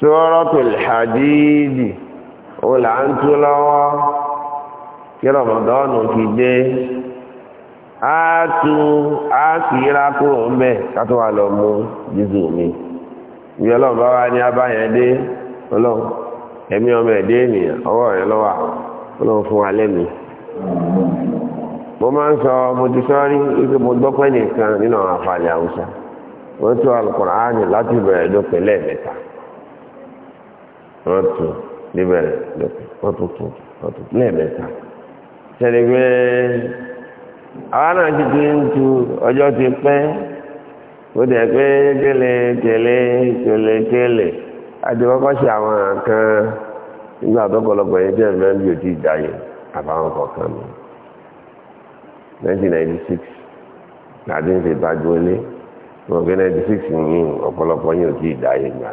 suratul hadidi ó là ń tú lọ́wọ́ kí ti dé a tú a sì ra kúrò lọ mú jésù mi ìyá ọlọ́run wá ní abáyẹn dé ọmọ ẹ̀dẹ́ ènìyàn mo máa ń sọ mo ti sọ rí wípé mo nìkan nínú àwọn wọ́n wọ́n tún níbẹ̀rẹ̀ wọ́n tún tún wọ́n tún lẹ́ẹ̀mẹ́ta ṣẹlẹ̀ pé àwa náà ti ti ń tu ọjọ́ ti pẹ́ ó dẹ̀ pé tẹ́lẹ̀ tẹ́lẹ̀ tẹ́lẹ̀ tẹ́lẹ̀ àti ṣe àwọn kan nígbà tó kọlọpọ̀ yẹn jẹ́ mẹ́rin bí o ti dà yẹn àbáwọn kọ̀ọ̀kan mi 1996 làdín fi bá gbólé wọn gbé 96 yìí ọ̀pọ̀lọpọ̀ yẹn ò tí dà yẹn gbà.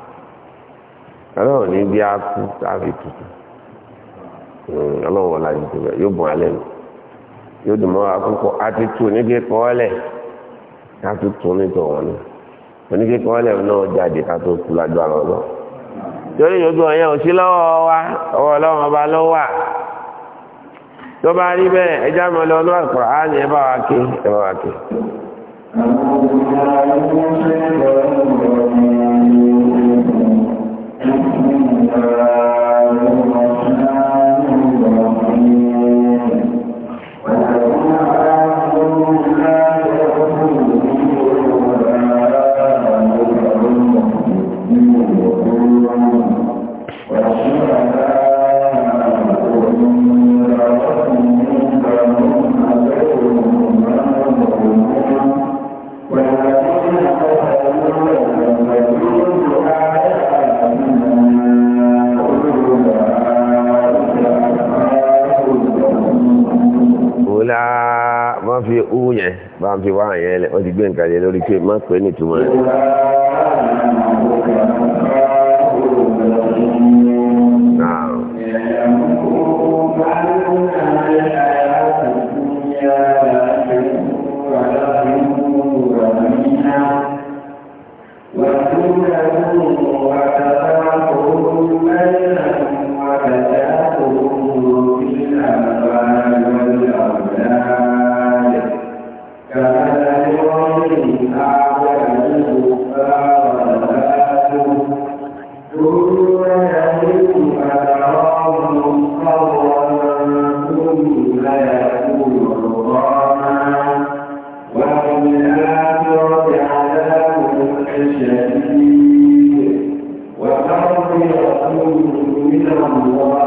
ọlọ́run ní bí a kú tàbí tutù hmm, ọlọ́run wọlá yìí tó bẹ̀ yóò bọ̀ alẹ́ nù yóò dùn mọ́ akókò àti tù níbi ká tó wọn ni náà jáde ká tó kú lágbára ọlọ́ torí yòókù ọ̀yẹ́ lọ́wọ́ wa ọwọ́ ọlọ́run ọba tó bá rí bẹ́ẹ̀ mọ́ lọ́wọ́ àkùrọ̀ á ní ẹ bá wa ọmọ Gracias. ó yẹn bá ń fi wá yẹn lẹ̀ wọ́n ti gbé nǹkan yẹn lórí pé má pè nìtumọ̀ rẹ̀. الله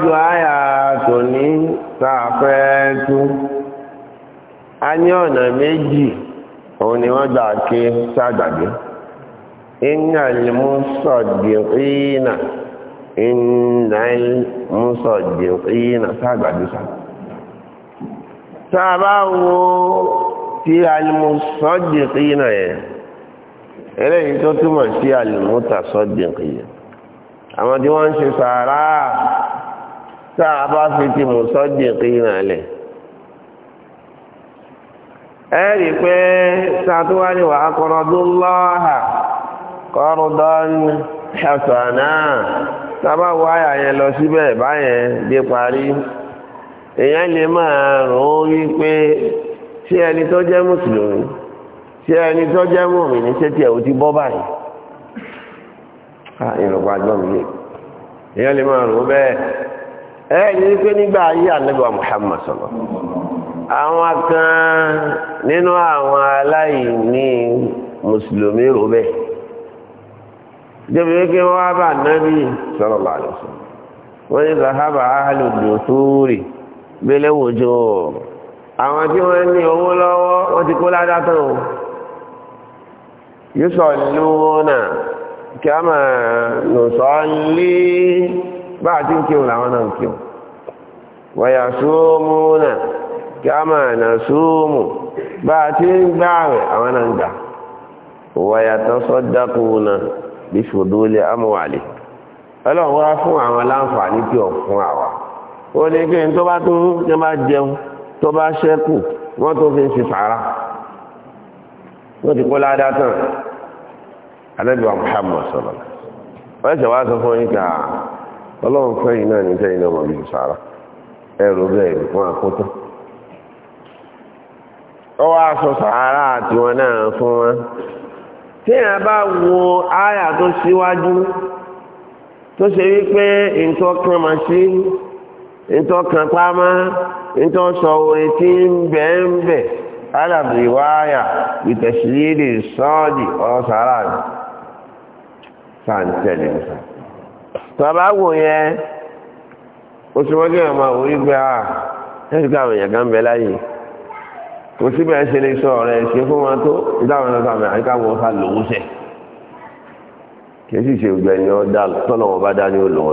síwájú anya tòní sáfẹ́ tú a ní ọ̀nà méjì òun ni wọ́n gbà ké ságbàgbé iná ìmúsọ̀dìrínà iná taa. ti àlùmùsọ̀dìrínà yẹn eléyìí tó túmọ̀ sí àlùmùtàsọ̀dìrínà àwọn tí wọ́n ń ṣe tá a bá fi ti mùsọ́dìkì náà lẹ̀ ẹ rí i pé sàtúwárí wà aqradullaha qardan hasana sábà wọ lọ síbẹ̀ báyẹn dé parí èèyàn lè máa rò ó pé ṣé ẹni tó jẹ́ mùsùlùmí ṣé ẹni tó jẹ́ ò ti bọ́ báyìí ah, ẹ ní pé nígbà ayé ànábì Muhammad sọlọ àwọn kan nínú àwọn aláìní mùsùlùmí rò bẹ́ẹ̀ débi wípé wọ́n wá bá nábì sọlọ lálẹ́ sọ wọ́n ní sàhábà áhàlùdùn sóòrì gbélé wòjò àwọn tí wọ́n ní owó lọ́wọ́ wọ́n ti kó ládátọ̀ o yóò sọ lóòrùn kí a máa nù sọ lé bá àti ń kírun làwọn náà ń kírun wọ̀yà súnmù náà kí a máa nà súnmù bá àti ń gbá rẹ̀ àwọn náà ń gbà wọ̀yà tó sọ́dákù náà bí ṣòdólé amúwàlè ọlọ́run wá fún àwọn láǹfààní tí ò fún àwa ó ní kí n tó bá tó tó bá jẹun tó bá ṣẹ́kù wọ́n tó fi ń ṣe sàárà wọ́n ti kó ládàá tán alẹ́ bí wa wọ́n ṣe wá sọ fún yín kà ọlọ́run fẹ́ iná ní tẹ́ iná màmí sàárà ẹrù bẹ́ẹ̀ fún àkótán Ọ wá sọ sàárà àti wọn náà fún wọn tí a bá wo àyà tó síwájú tó ṣe wípé ìtọ́kan máa ṣe ìtọ́kan pamá ìtọ́sọ orin tí ń bẹ̀ ń bẹ̀ alábìwáyà ìtẹ̀sílẹ̀ sọ́ọ̀dì ọ̀sàrà sàǹtẹ̀lẹ̀ sàǹtẹ̀lẹ̀ tọ́ba wò yẹn oṣùwọ́n kí wọ́n máa wò wípé a ah, ẹ̀sìn káwọn èèyàn kan bẹ láyè kò síbẹ̀ ṣe lè sọ ọ̀rẹ́ ṣe fún wọn tó ìdáhùn náà sàmì àyíká wọn fà lòún sẹ̀ kì í sì ṣe ògbẹ́ni ọ̀dà tọ́nà wọn bá dá ní olùwọ̀n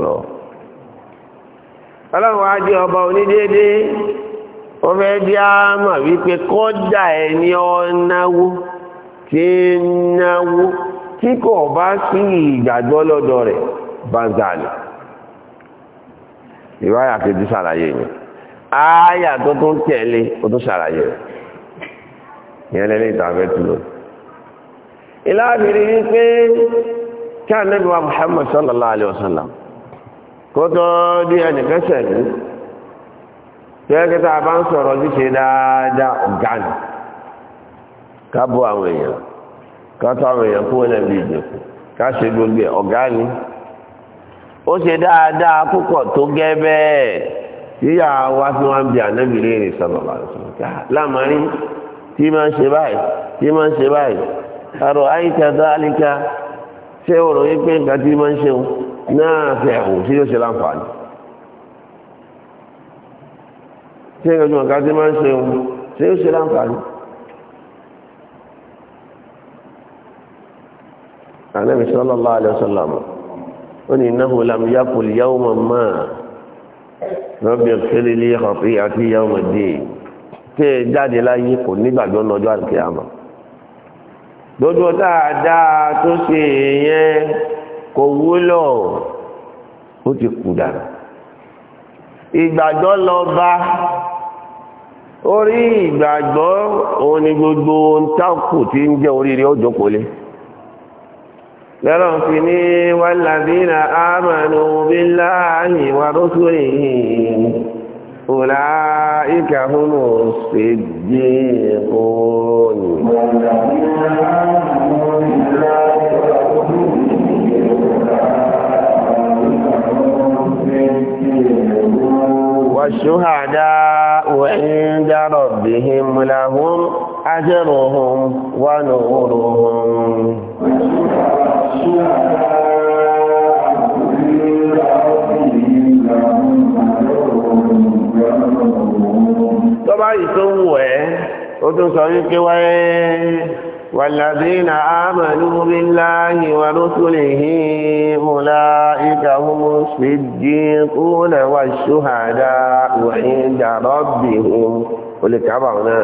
ọlọ́run á jẹ́ ọba onídéédé wọ́n fẹ́ dí á wípé kọ́jà ẹni ọ̀náwó tí ń náwó tí kò bá sí ìgbàgbọ́ lọ́dọ̀ rẹ̀. banza ni ìwáyà kejì ṣàlàyé yẹn ááyà tó tún tẹ̀lé ó tún ṣàlàyé rẹ̀ ìyẹn lẹ́ni ìtàfẹ́ ìlàbìrì ni pé kí wa Muhammad sallallahu alayhi wa sallam kó tó di ẹnìkan sẹ̀lú tẹ́kẹ́tà bá ń sọ̀rọ̀ ojúṣe dáadáa ọ̀gá ni àwọn èèyàn ká tó àwọn èèyàn kó wọn ó ṣe dáadáa púpọ̀ tó gẹ́ bẹ́ẹ̀ yíyá wa fi wọn bí ànábì léèrè sọ̀rọ̀ ah, lámàrin tí máa ń ṣe báyìí tí máa ń ṣe báyìí àrò àyíkàtà àlíkà ṣé o rò wípé nǹkan tí máa ń ṣe o náà fẹ́ o sí yóò ṣe láǹfààní. ṣé nǹkan tí máa ń ṣe o ṣé o ṣe láǹfààní. ó ní innahu lam yaqul yawman ma rabbi ighfir li khati'ati yawmiddin tí ẹ jáde láyé kò nígbàgbọ́ lọ́jọ́ àti àmọ́ gbogbo dáadáa tó ṣe yẹn kò wúlò ó ti kú dànù ìgbàgbọ́ lọ bá orí ìgbàgbọ́ òun ni gbogbo ohun tákù tí ń jẹ́ oríire ó jókòó lé lọ́rọ̀ fi ní wàlàdínà àmànù bíláàhì wà rọ́sùrì ọ̀làíkà húnmù ṣèjì òní. والشهداء عند ربهم لهم أجرهم ونورهم tọ́bá yìí tó wù ẹ́ ó tún sọ wípé wáyé wàlàdínà àmàlú bíláhì wà rúsùlìhì múlá ìkà múmú sí jí kúnlẹ̀ wà ṣúhàdá wà ní ìdàrọ́bì olùkábà náà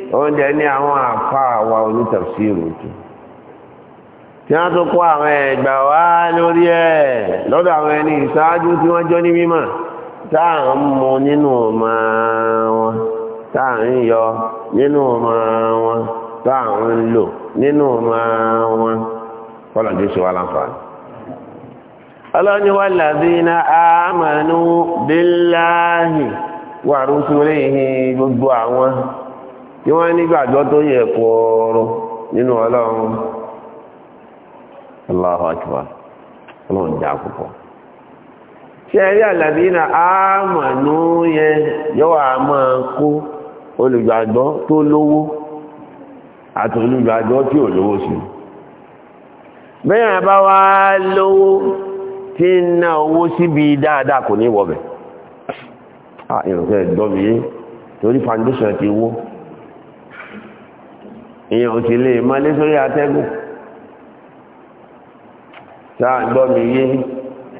oúnjẹ ní àwọn àfa àwa onítafsírù tó tí wọ́n tó kó àwọn ẹ̀gbà wá lórí ẹ̀ lọ́dọ̀ àwọn ẹni ìṣáájú tí wọ́n jọ ní mímọ̀ táà ń mu nínú ọmọ wọn taa ń yọ nínú ọmọ wọn taa ń lò nínú ọmọ wọn kọ́lọ̀ jésù wà láǹfààní ọlọ́ni làbínà àmànú bíláàhì wà gbogbo àwọn kí wọ́n nígbàgbọ́ tó yẹ kọ́ọ̀rọ̀ nínú ọlọ́run Allahu ọlọ́run já púpọ̀ ṣe ẹ̀rí àlàbí na àmànú yẹn yọ́wà a kó olùgbàgbọ́ tó lówó àti olùgbàgbọ́ tí ò lówó sí bẹ́yàn bá wá lówó tí èèyàn ò sì lè mọ́lé sórí atẹ́gùn sáà gbọ́ mi yé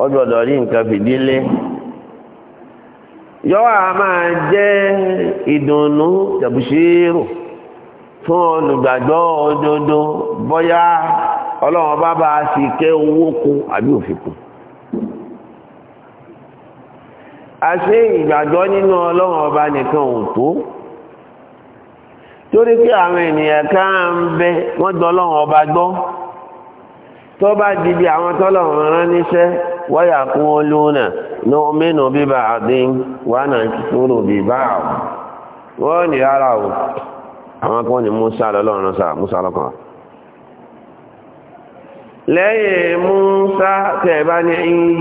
ó gbọ́dọ̀ rí nǹkan fìdílé yọ́wọ́ a máa jẹ́ ìdùnnú tẹ̀bùsírò fún olùgbàgbọ́ òdodo bóyá ọlọ́run bá bá sì kẹ́ owó kún àbí òfin kún àṣé ìgbàgbọ́ nínú ọlọ́run ọba nìkan ò tó torí pé àwọn ènìyàn kan ń bẹ wọ́n gbọ́ ọlọ́run ọba gbọ́ tó bá di bí àwọn tọ́lọ́run rán níṣẹ́ wáyà kún ó lónà ní omínú bíbá àdín wà náà kúrò bíbá wọ́n ní ara o àwọn kan ní Musa lọ́lọ́run sá Musa lọ́kàn lẹ́yìn Musa tẹ̀ bá ní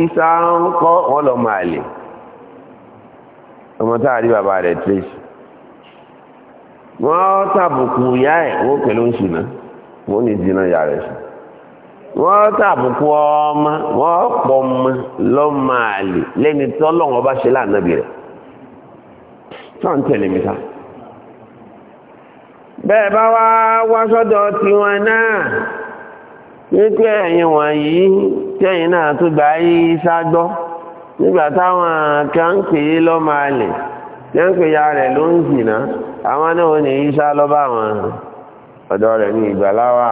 Isa ń kọ́ ọlọ́mọ àlè ọmọ táà rí bàbá rẹ̀ trace wọ́n tàbùkù ìyá ẹ̀ wọ́n pẹ̀lú oṣù náà wọ́n ní dínà ìyá rẹ̀ sùn wọ́n tàbùkù ọmọ wọ́n pọ̀ ọmọ lọ́mọ àlè lẹ́ni tí ọlọ́run bá ṣe láàánábì rẹ̀ tọ́ ń tẹ̀lé mi sá. bẹ́ẹ̀ bá wá wá sọ́dọ̀ tiwọn náà wípé ẹ̀yin wọ̀nyí tẹ̀yìn náà tó gbà yí sá gbọ́ nígbà táwọn kan ń pè lọ́mọ àlè. jẹ́ ń ya rẹ̀ ló ń jìnà àwọn náà ní iṣá lọ́bà àwọn ọ̀dọ́ ji ní ìgbàláwà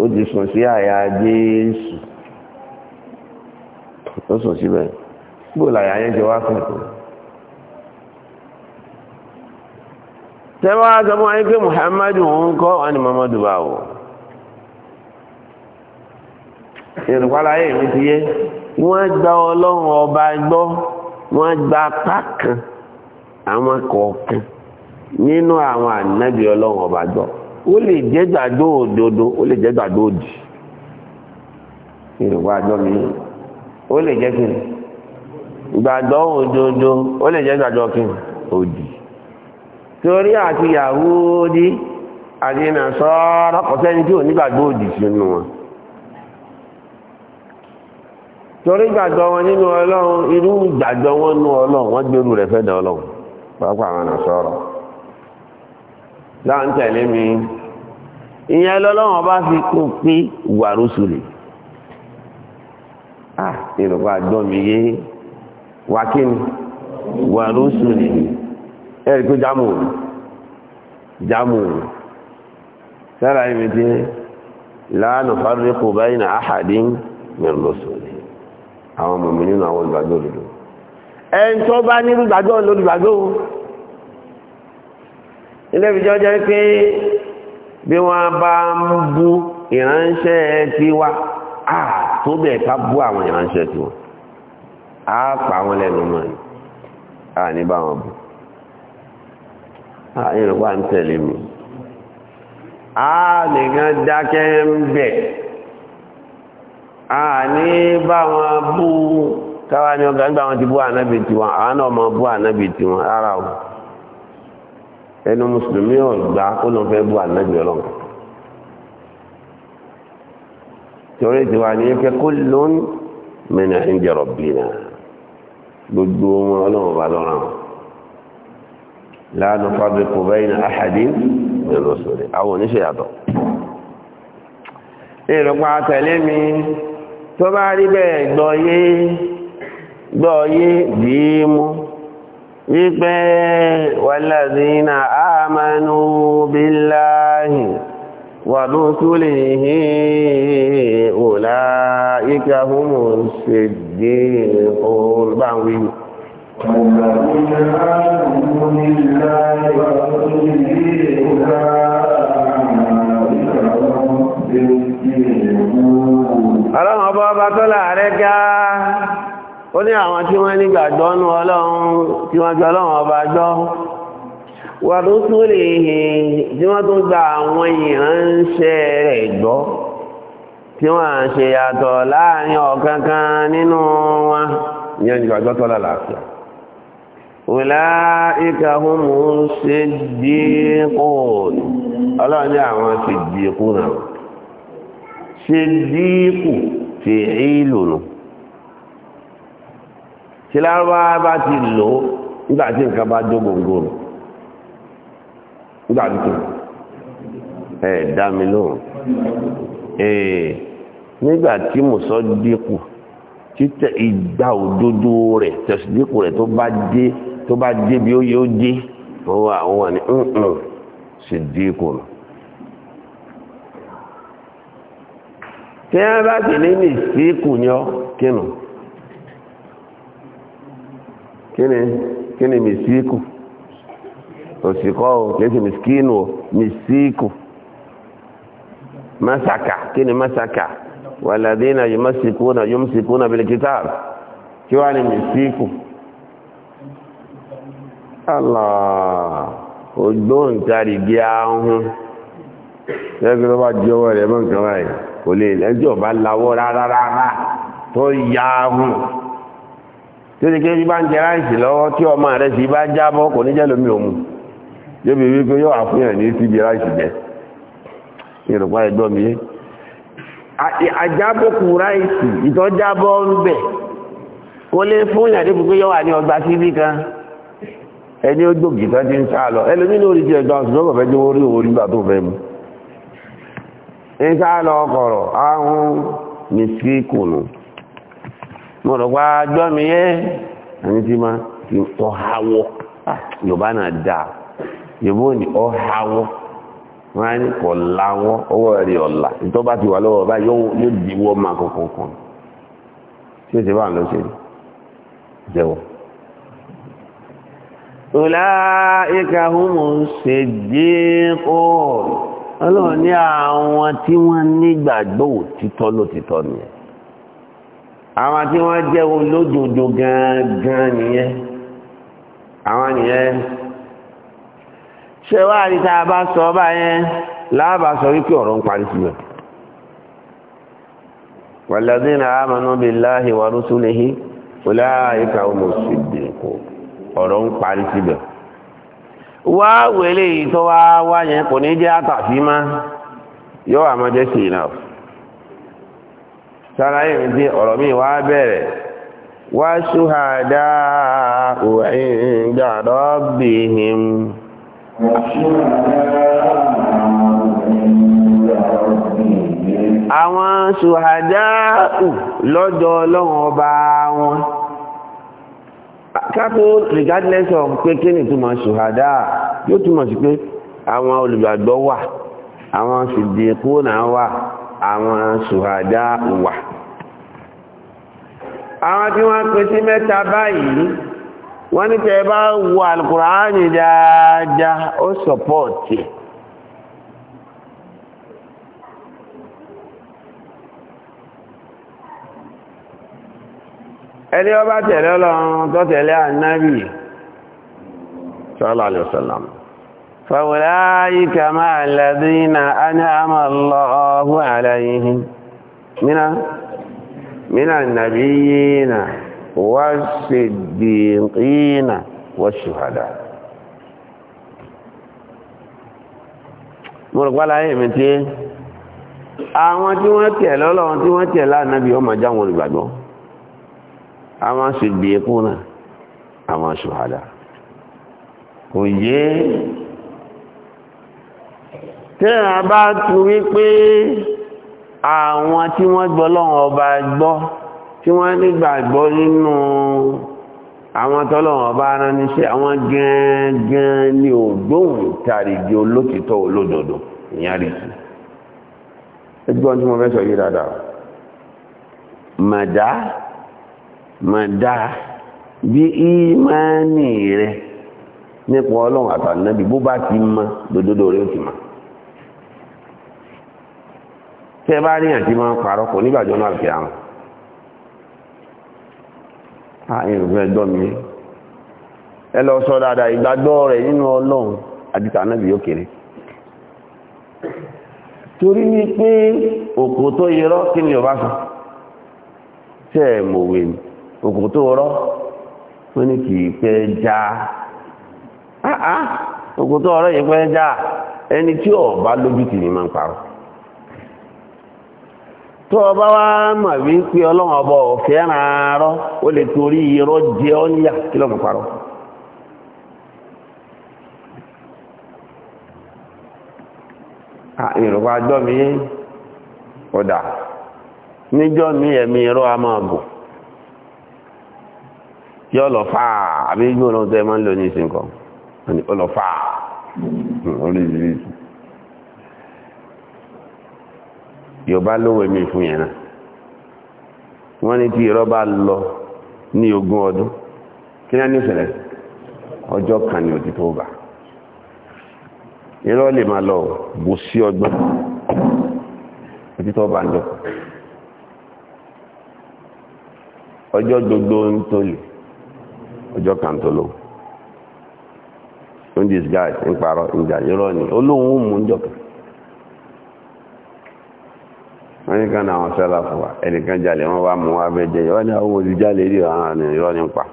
ó ti sùn sí àyà jésù ó sùn síbẹ̀ gbòòlà àyà yẹn ti wá kẹ́kọ̀ọ́ tẹ́wọ́ agbọ́n ayé pé muhammadu ń kọ́ wọn ni muhammadu bá wò ìrùpàlà ayé mi ti gba ọba gbọ́ gba àwọn kọ̀ọ̀kan nínú àwọn ànábì ọlọ́run ọba ó lè jẹ́ òdodo ó lè jẹ́ gbàgbọ́ òdì yorùbá àjọ mi ó lè jẹ́ kí n òdodo ó lè jẹ́ kí òdì torí àti Yahudi àti Nasara sẹ́ni tí ò ní òdì sínú wọn torí wọn wọ́n gbèrú rẹ̀ fẹ́ pàápàá àwọn àṣọ́rọ̀ láà ń tẹ̀lé mi ìyẹn lọ́lọ́wọ́n bá fi kó pé wàrúsù ah ìrọ̀pá àjọmi yé wà kí ni wàrúsù lè ẹ̀rí pé jámù jámù sára ibi tí na áhàdín mẹ́rùn lọ́sọ̀rọ̀ àwọn mọ̀mí nínú àwọn ìgbàgbọ́ ẹni tó bá ní gbàgbọ́ lórígbàgbọ́ o ilé ìjọ jẹ́ pé bí wọ́n bá ń bú ìránṣẹ́ tiwa á tó bẹ̀ ká bú àwọn ìránṣẹ́ tiwọn á pa wọn lẹ́nu mọ́ ni á ní bá wọn bú á wà ń tẹ̀lé mi á nìkan dákẹ́ ń bẹ̀ á ní bá wọn bú káwa ni ọgá nígbà wọn ti bú ànábì tiwọn àwọn náà mọ bú ànábì tiwọn rárá o ẹnu mùsùlùmí ò gbà kó ló ń fẹ́ bú ànábì ọlọ́run torí tiwa ni ẹkẹ kó lóun mẹ́nà ń jẹrọ bìnà gbogbo wọn ọlọ́run bá lọ́ra wọn láàánú fábí kò bẹ́ẹ̀ ní àhàdí nínú sórí àwọn oníṣẹ́ ìrọ̀pá tẹ̀lé mi tó bá rí bẹ́ẹ̀ gbọ́ yé gbọ́yé dìímú wípé wàlàdínà àmànú bíláhì wà ló túlè hí òlà ikẹ́ ahúnmù ṣe dé olùbáwí Ọlọ́run ọba ọba tó láàrẹ́ gáà ó ní àwọn tí wọ́n nígbàgbọ́ nú ọlọ́run tí wọ́n gbọ́ ọlọ́run ọba gbọ́ wà ló tún lè hìn tí wọ́n tún gba àwọn ìránṣẹ́ rẹ̀ gbọ́ tí wọ́n à ń ṣe yàtọ̀ láàrin ọ̀kankan nínú wọn ní àwọn ṣe díkùn tí lárúbáwá bá ti lò ó nígbà tí nǹkan bá dó gbòǹgbò rẹ̀ nígbà tí ẹ dá mi lóhùn ee nígbà tí mùsọ dínkù títẹ̀ ìgbà òdodo rẹ̀ tẹ̀sídínkù rẹ̀ tó bá dé tó bá dé bí ó yóò dé wọ́n wà wà ní nǹkan sì dínkù nù. tí wọ́n bá ti ní ní síkù ni ọ́ kínú kíni kíni mìsíkù òsìkọ́ o kìí ṣe mìsíkínù o mìsíkù masaka kíni masaka wàlàdínà yumsikuna yumsikuna bilkitab kí wá ní mìsíkù Allah ògbóǹtarìgì ahun lẹ́gbẹ́ tó bá jẹ́ ọwọ́ rẹ̀ mọ́ nǹkan báyìí kò lè ẹjọ́ bá lawọ́ rárá tó yá ahun tí ó ti ké bá ń jẹ ráìsì lọ́wọ́ tí ọmọ rẹ̀ sì bá jábọ́ kò ní jẹ́ lómi òmu yóò bí wípé yóò àfihàn ní síbi ráìsì jẹ́ ìrùpá ẹ̀dọ́ mi yé àjábọ́kù ráìsì ìtọ́jábọ́ ń bẹ̀ kó lè fún ìyàdé pípé yóò wà ní ọgbà síbí kan ẹni ó gbòógì tán ti ń sá lọ ẹlòmínú orí ti ẹ̀dọ́ àṣùgbọ́n kò fẹ́ jẹ́ orí owó nígbà tó fẹ́ mu ń sá lọ kọ̀rọ̀ mo rò pa mi yé ẹni tí ti ọ̀háwọ́ ah, yọba náà dà yorùbá ní ọ̀háwọ́ wọn á ní kọ̀ láwọ́ rẹ̀ ọ̀la ìtọ́ bá ti wà lọ́wọ́ bá yóò diwọ́ máa kọ̀ọ̀kan tí ó ti bá ń lọ sí jẹ́wọ́. ní àwọn tí àwọn tí wọ́n jẹ́ olódodo gangan nìyẹn àwọn nìyẹn ṣé wáá rí tá a bá sọ ọba yẹn láàbà sọ wípé ọ̀rọ̀ ń parí síbẹ̀ wàlẹ́dínà àmànú billahi wa rusulihi ulaika humus siddiqun ọ̀rọ̀ ń parí sara yìí ti ọ̀rọ̀ mi wá bẹ̀rẹ̀ wá ṣúhàdá ìdàrọ́ bìhìm àwọn ṣùhàdá lọ́dọ̀ ọlọ́run ọba wọn kátó regardless of pé kí ni túmọ̀ yóò túmọ̀ sí pé àwọn olùgbàgbọ́ wà àwọn náà wà àwọn wà àwọn tí wọ́n pín sí mẹ́ta báyìí wọ́n ní tẹ́ bá wo alkùránì dáadáa ó sọpọ́ọ̀tì ẹni ọba tẹ̀lé ọlọ́run tó tẹ̀lé ànábì sallallahu alaihi wasallam فأولئك مع الذين أنعم الله عليهم من من النبيين والصديقين والشهداء mo rò pálá ẹ̀mí tí Awọn tí wọ́n tẹ̀ lọ́lọ́run tí wọ́n tẹ̀ lánàbí ọmọ jáwọn olùgbàgbọ́ àwọn ṣùgbẹ́kú náà kò yé tẹ́ràn bá tu wípé àwọn tí wọ́n gbọ́ lọ́wọ́ ọba gbọ́ tí wọ́n nígbàgbọ́ nínú àwọn tọ́lọ́wọ́ ọba ránníṣẹ́ àwọn gangan ni ògbóhùn tàrígi olótìtọ́ olódodo ìyárìsì ẹgbọ́n tí mo fẹ́ sọ yìí dáadáa màdá màdá bí ìmánì rẹ nípa ọlọ́run àtàlẹ́bí bó bá ti mọ dododo rẹ ó ti mọ̀ tẹ́ bá rí àti máa ń parọ́ kò nígbàjọ́ náà fi àwọn àìrùfẹ́ gbọ́ mi ẹ lọ sọ dáadáa ìgbàgbọ́ rẹ̀ nínú ọlọ́run àdìtà náà bí ó kéré torí ní pé òkú tó yẹrọ kí ni ọba sọ tẹ́ mọ̀wé ni òkú tó rọ́ wọ́n ní kì pẹ́ já òkú tó rọ́ yìí já ẹni tí ọba lójú ní máa ń parọ́ tó ọba wá mọ̀ wípé ọlọ́run ọba ọ̀fẹ́ rárọ́ ó lè torí irọ́ jẹ ọ́ níyà kí lọ́mọ parọ́ ìrọ̀pá mi ọ̀dà níjọ́ mi ẹ̀mí irọ́ a máa gùn yọ lọ àbí yọba lówó ẹ̀mí fún na wọ́n tí lọ ní ogún ọdún kí ní ìṣẹ̀lẹ̀ ọjọ́ kan ní òtítọ́ bá irọ́ lè máa lọ bù sí ọgbọ́n òtítọ́ ń jọ gbogbo ń ọjọ ọjọ́ kan tó ń ń parọ́ ìjà wọ́n ní kan àwọn sẹ́lá fún wa ẹnìkan jalè wọ́n wá mú wá bẹ́ jẹ́ ìwọ́n ní àwọn olùjalè rí àwọn ìrọ́ nípa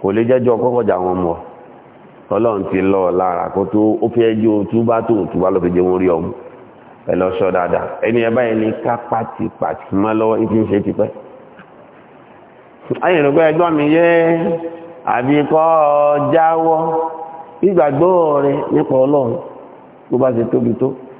kò lè jẹ́jọ́ kọ́kọ́jà wọn mọ́ ọlọ́run ti lọ lára kó tó ó fẹ́ jẹ́ o túbá tó o túbá ló fi jẹ́ wọn rí ọmú ẹ dáadáa ẹni ẹ báyìí ká pàtì pàtì mọ́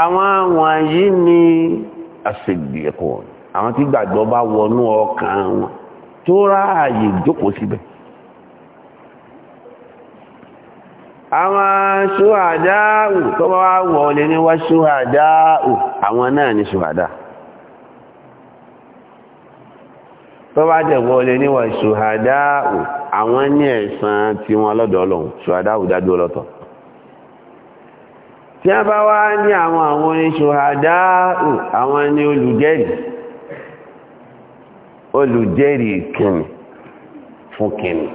àwọn wọ̀nyí ni àṣègbèkọ̀ àwọn tí gbàgbọ́ bá wọnú ọkàn wọn tó ráàyè jókòó síbẹ̀ àwọn ṣúhàdáù tó bá wọ̀ lè ní wá ṣúhàdáù àwọn náà ni ṣúhàdáù tó bá jẹ̀wọ́ lè ní wá ṣúhàdáù àwọn ní ẹ̀san tí wọn lọ́dọ̀ tí a bá wá ní àwọn àwọn ṣòhádá àwọn ni olùjẹ́rì olùjẹ́rì kìnnì fún kìnnì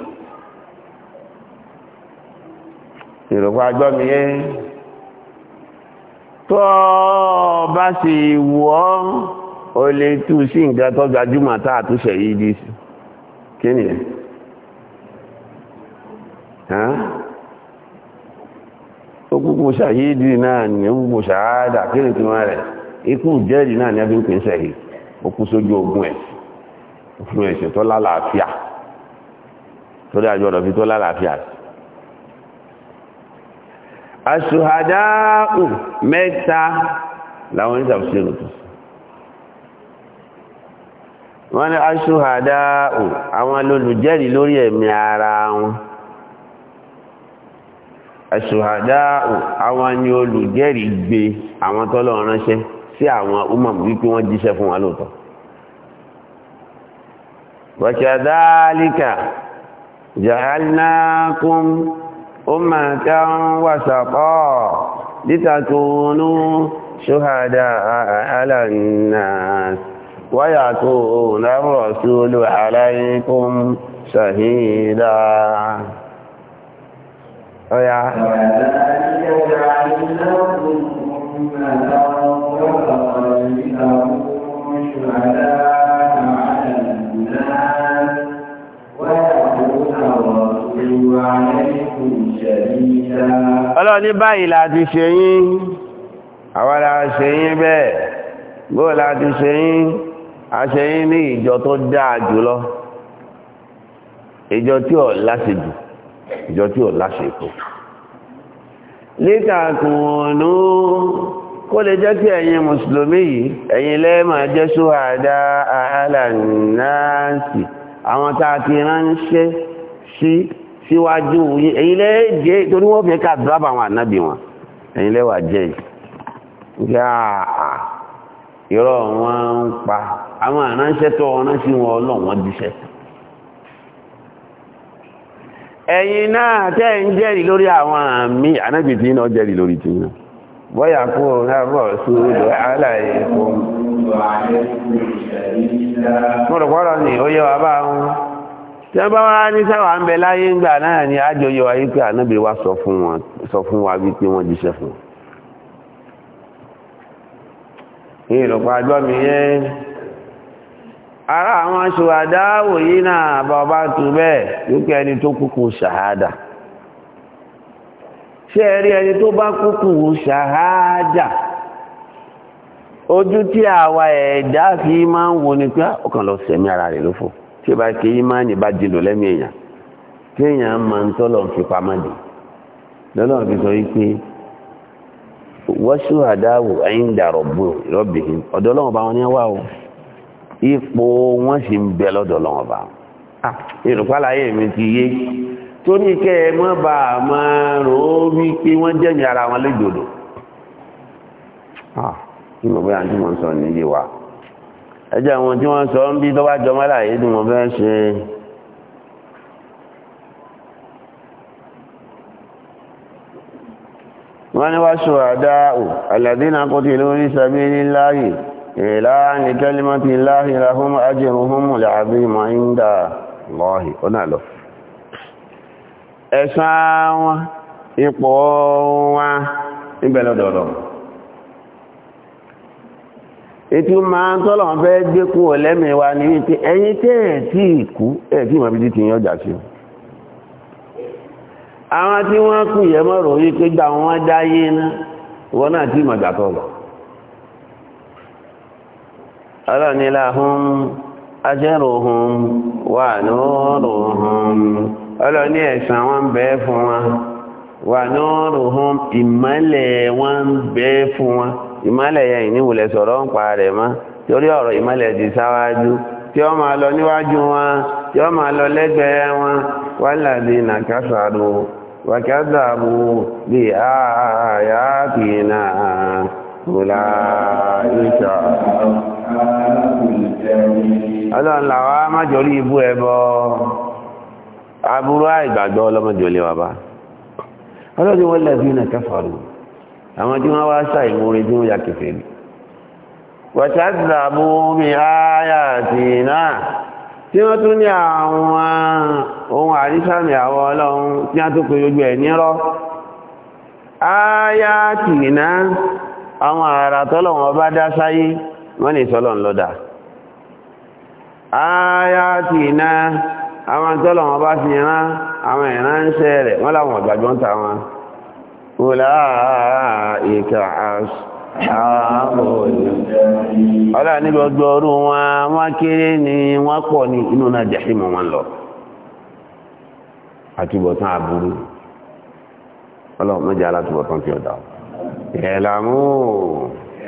ìrọ̀pá agbọ́mi yẹ́ tó bá sì wọ́ o lè tú sí nǹkan tó gbajúmọ̀ tá àtúnṣe yìí dí sí kí ni ṣàyédì náà ni ó gbogbo ṣàádà kí ni tiwọn rẹ̀ ikú jẹ́rìí náà ni a ń sójú ogun ẹ̀sìn òfin ẹ̀sìn tó lálàáfíà torí àjọ ọ̀dọ̀ fi tó lálàáfíà sí asuhadáù mẹ́ta láwọn ní wọ́n àwọn lórí ẹ̀mí ẹ̀ṣùhàdáù àwọn ni olùjẹ́rìí gbé àwọn tọ́lọ̀ ránṣẹ́ sí àwọn umam wípé wọ́n jíṣẹ́ fún wa lóòótọ́ wàṣàdáálíkà jàálínákún ummatan wasata litakunu ṣùhàdá alannas wayakuna rasulu alaykum shahida ọ̀yà. Oh, ọlọ́ni báyìí láti ṣe yín àwọn ará ṣe yín bẹ́ẹ̀ bó láti ṣe yín aṣe yín ní ìjọ tó dáa jùlọ ìjọ tí ọ̀ láṣejù ìjọ tí ò láṣepọ̀ lítàkùnọ̀nù kó lè jẹ́ kí ẹ̀yin mùsùlùmí yìí ẹ̀yin lẹ́ẹ̀mà jẹ́ ṣúhàdá àhálànáàsì àwọn tàà ti ránṣẹ́ sí síwájú ẹ̀yin lẹ́ẹ̀jẹ́ torí wọ́n fẹ́ ká drábà àwọn ànábì wọn ẹ̀yin lẹ́wà jẹ́ ìrọ̀ wọn ẹ̀yin náà tẹ́ ń jẹ́rìí lórí àwọn àmì ànábì náà lórí tí náà bọ́yà kú ọ̀rọ̀ sóòdò aláyé fún mọ̀rọ̀pọ̀rọ̀ ni ó yẹ bá wọn tí wọ́n bá wá ní sáwà ń bẹ láyé ń gbà náà ni fún wa wípé wọ́n jíṣẹ́ ara àwọn ṣùwàdáwò yìí náà bàbá tó bẹ́ẹ̀ wípé ẹni tó kúkú ṣàhádà ẹni tó bá kúkú ṣàhádà ojú tí àwa ẹ̀dá fi máa ń wo ni pé ah, ọkàn ara rẹ̀ lófò tí bá kí ìmáàní bá jìnnà lẹ́mí èèyàn tí èèyàn máa ń tọ́lọ̀ fi pamọ́ dì fi sọ ẹ̀yìn dàrọ̀ bò ọ̀dọ́ ọlọ́run bá wọn ní wà ipò wọn sì ń bẹ lọ́dọ̀ lọ́wọ́ bá ìrùpàlàyé mi ti yé tó ní kẹ́ ẹ mọ́ bá a máa rò ó wí pé wọ́n jẹ́mi ara wọn léjòdò kí mo bẹ́ẹ̀ àti wọn sọ nílé wa ẹjẹ́ àwọn tí wọ́n sọ ń bí tó bá jọ mọ́lá yìí ni mo fẹ́ ṣe wọ́n ní wá ṣùwádá alladhina qutilu fi sabilillahi ìlànì kẹlìmọ́tì láàrin ìlàhún ajẹ́rùn-ún mọ̀lẹ̀ àbí lọ́hì onáàlọ́ ẹ̀sán wọn ipò wọn níbẹ̀lọ́dọ̀ọ̀dọ̀ ètí ma tọ́lọ̀ fẹ́ gbé kú ọ̀lẹ́mẹ̀wà ní wípé ẹ̀yin tẹ́ ìkú ti sí àwọn tí wọ́n kú yẹ mọ́rọ̀ gbà wọ́n dáyé náà wọ́n náà tí ìmọ̀jà tọ́lọ̀ ọlọ́ni láhún ajẹ́rùhun wà lóòrùhun ọlọ́ni ẹ̀san wọn bẹ fún wọn wà lóòrùhun ìmọ́lẹ̀ wọn bẹ fún wọn ìmọ́lẹ̀ yẹn ìníwùlẹ̀ sọ̀rọ̀ ń pa rẹ̀ mọ́ torí ọ̀rọ̀ ìmọ́lẹ̀ ti sáwájú tí máa lọ níwájú wọn tí máa lọ lẹ́gbẹ̀ẹ́ wọn nà bí ààyà ọlọ́run làwọn a má jọrí ibú ẹbọ aburú àìgbàgbọ́ ọlọ́mọdé olè wà bá ọlọ́dún wọ́n lẹ́bí ní kẹfàánù àwọn tí wọ́n wá ṣàì múrí tí wọ́n ya kẹfẹ́ rí wọ̀tẹ́sàbú mi áyà sí náà tí wọ́n tún wọ́n ní sọ́lọ̀ ti iná àwọn tọ́lọ̀ wọn bá fi rán àwọn ìránṣẹ́ rẹ̀ wọ́n láwọn ọ̀gbàgbọ́ ń ta wọn ulaika ashabul ọlá ní gbogbo orú wọn ni ní inú náà wọn lọ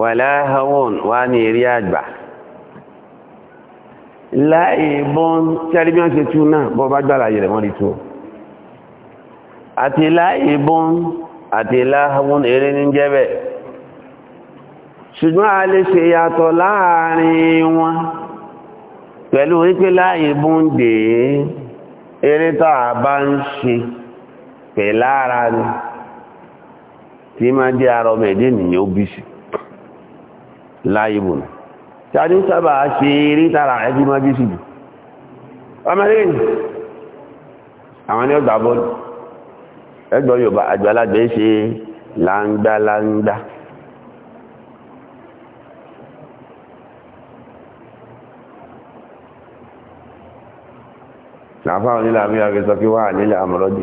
wàlá hawọn wà ní eré àgbà láìbọn tẹ́rí bí wọ́n ṣe tú náà bọ́ bá gbára yẹ̀rẹ̀ wọ́n rí tú àti láìbọn àti láhàwọn eré ní jẹ́bẹ̀ ṣùgbọ́n a lè ṣe yàtọ̀ láàrin wọn pẹ̀lú wípé láìbọn dé eré tó a bá ń ṣe pẹ̀lára ni tí máa jẹ́ arọ nìyàn ó láìbùn tí a ní sábà ṣe rí tààrà ẹbí máa bí ṣùgbù ọmọdéyìn àwọn ní ọgbà bọ́ọ̀lù ẹgbọ́ Yorùbá àgbàlagbà ṣe láńgbá láńgbá láfáà onílàmí àgbẹ̀sọ́kí wà nílẹ̀ àmọ́rọ́dì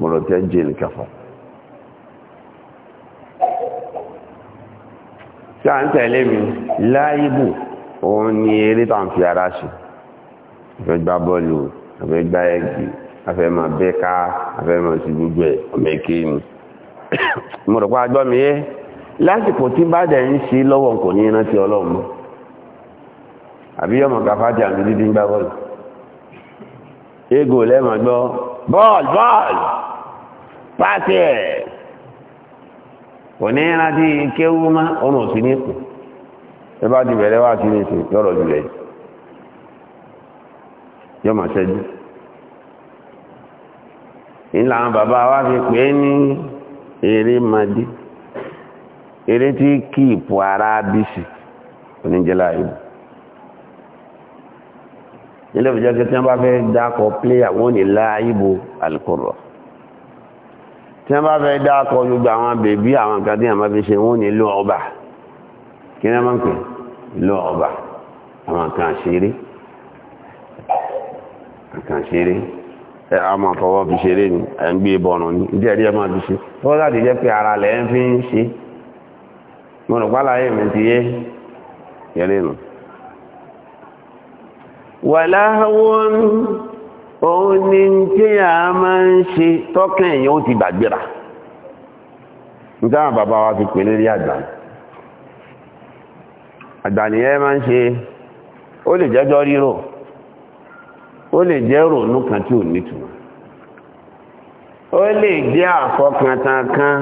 mọ̀rọ̀tẹ́ jẹ́ nìkẹfọ́ tí n mi láìbù òun ni eré tàn fi ara ṣe afẹ́ gbá bọ́ọ̀lù afẹ́ gbá ẹgbì afẹ́ ma bẹ́ ká afẹ́ ma sí gbogbo ẹ̀ ọmọ èké ni mo rò pé mi yé lásìkò tí bá dẹ̀ ń ṣe lọ́wọ́ kò ní rántí ọlọ́run kò ní rántí kéwú má ọmọ sí ní kù ẹ bá ti bẹ̀rẹ̀ wá sí ní ìsìn yọ̀rọ̀ jùlẹ̀ yọ mà ṣẹ́jú ńlá àwọn bàbá wa fi pè é ní eré madí eré tí kí ìpò ara bísì oníjẹ́lá ìlú nílẹ̀ ìjọ́ kí tí bá fẹ́ dákọ̀ pléyà wọ́n ní láàyè bo alukoro. tí wọ́n bá fẹ́ dá akọ gbogbo àwọn bèbí àwọn nǹkan tí fi ṣe wọ́n ní lọ ọba kí wọ́n máa ń ọba àwọn nǹkan àṣírí ẹ a fọwọ́ fi ṣeré bọ̀nà fi ṣe tọ́wọ́ láti jẹ́ pé ara lẹ̀ ń fi ń ṣe òun ni tí a máa ń ṣe tọ́kàn èèyàn ó ti gbàgbéra nítawọn bàbá wa fi pè lórí àgbàní àgbàní ẹ máa ń ṣe ó lè jẹ́jọ́ rírò ó lè jẹ́ rònú kan tí kan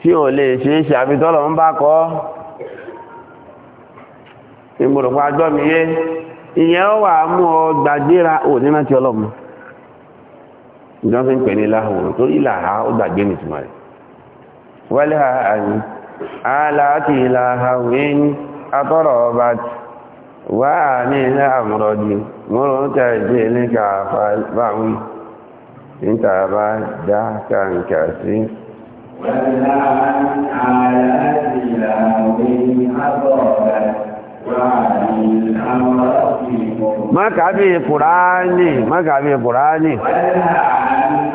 tí ò lè ṣe é ṣe àfitọ́lọ̀ ń bá kọ́ ajọ́ mi yé ìyẹn ọ gbàgbéra ò ní ìjọ fi ń pè ní láhùn tó ìlà ha ó gbàgbé nìtìmọ̀ rẹ̀ wẹ́lẹ́ àní aláàtì ìlàhàwìn atọ́rọ̀ ọba wà ní ilẹ̀ àmúrọ̀dì mọ́rọ̀ ń tẹ̀lé ní kàfàbáwí níta bá dá kàǹkà sí Kùránì, má kàbí Kùránì.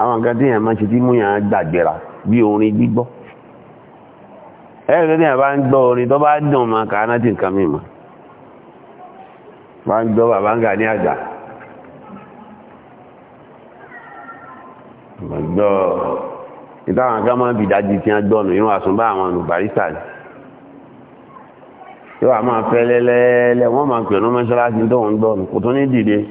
àwọn nǹkan tí èèyàn máa ṣe tí mú yàn gbàgbéra bí orin gbígbọ́ ẹ̀rẹ́ tí èèyàn bá ń gbọ́ orin tó bá dùn máa kà á náti nǹkan mìíràn bá ń gbọ́ bàbá ń gà ní àjà gbọ́ ìtàwọn kan máa ń bìdájí tí wọ́n gbọ́nù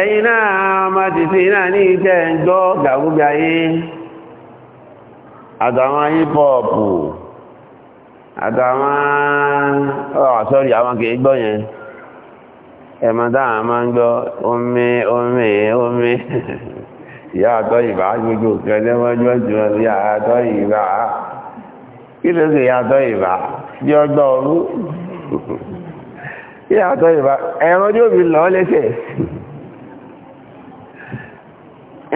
ẹ̀yin náà máa ti sí náà ní ìtẹ́ ẹ̀njọ́ gàgúgbà yìí àtàwọn hip-hopu àtàwọn ọ̀ oh, sọ́rí àwọn kìí gbọ́ yẹn ẹ̀mọ̀ táwọn máa ń gbọ́ omi omi omi ìyá àtọ́ ìbá gbogbo kẹlẹ́mọ́jọ́ jù ìyá àtọ́ ìbá bí ọgbọ́ ọrú fi lọ́ọ́ lẹ́sẹ̀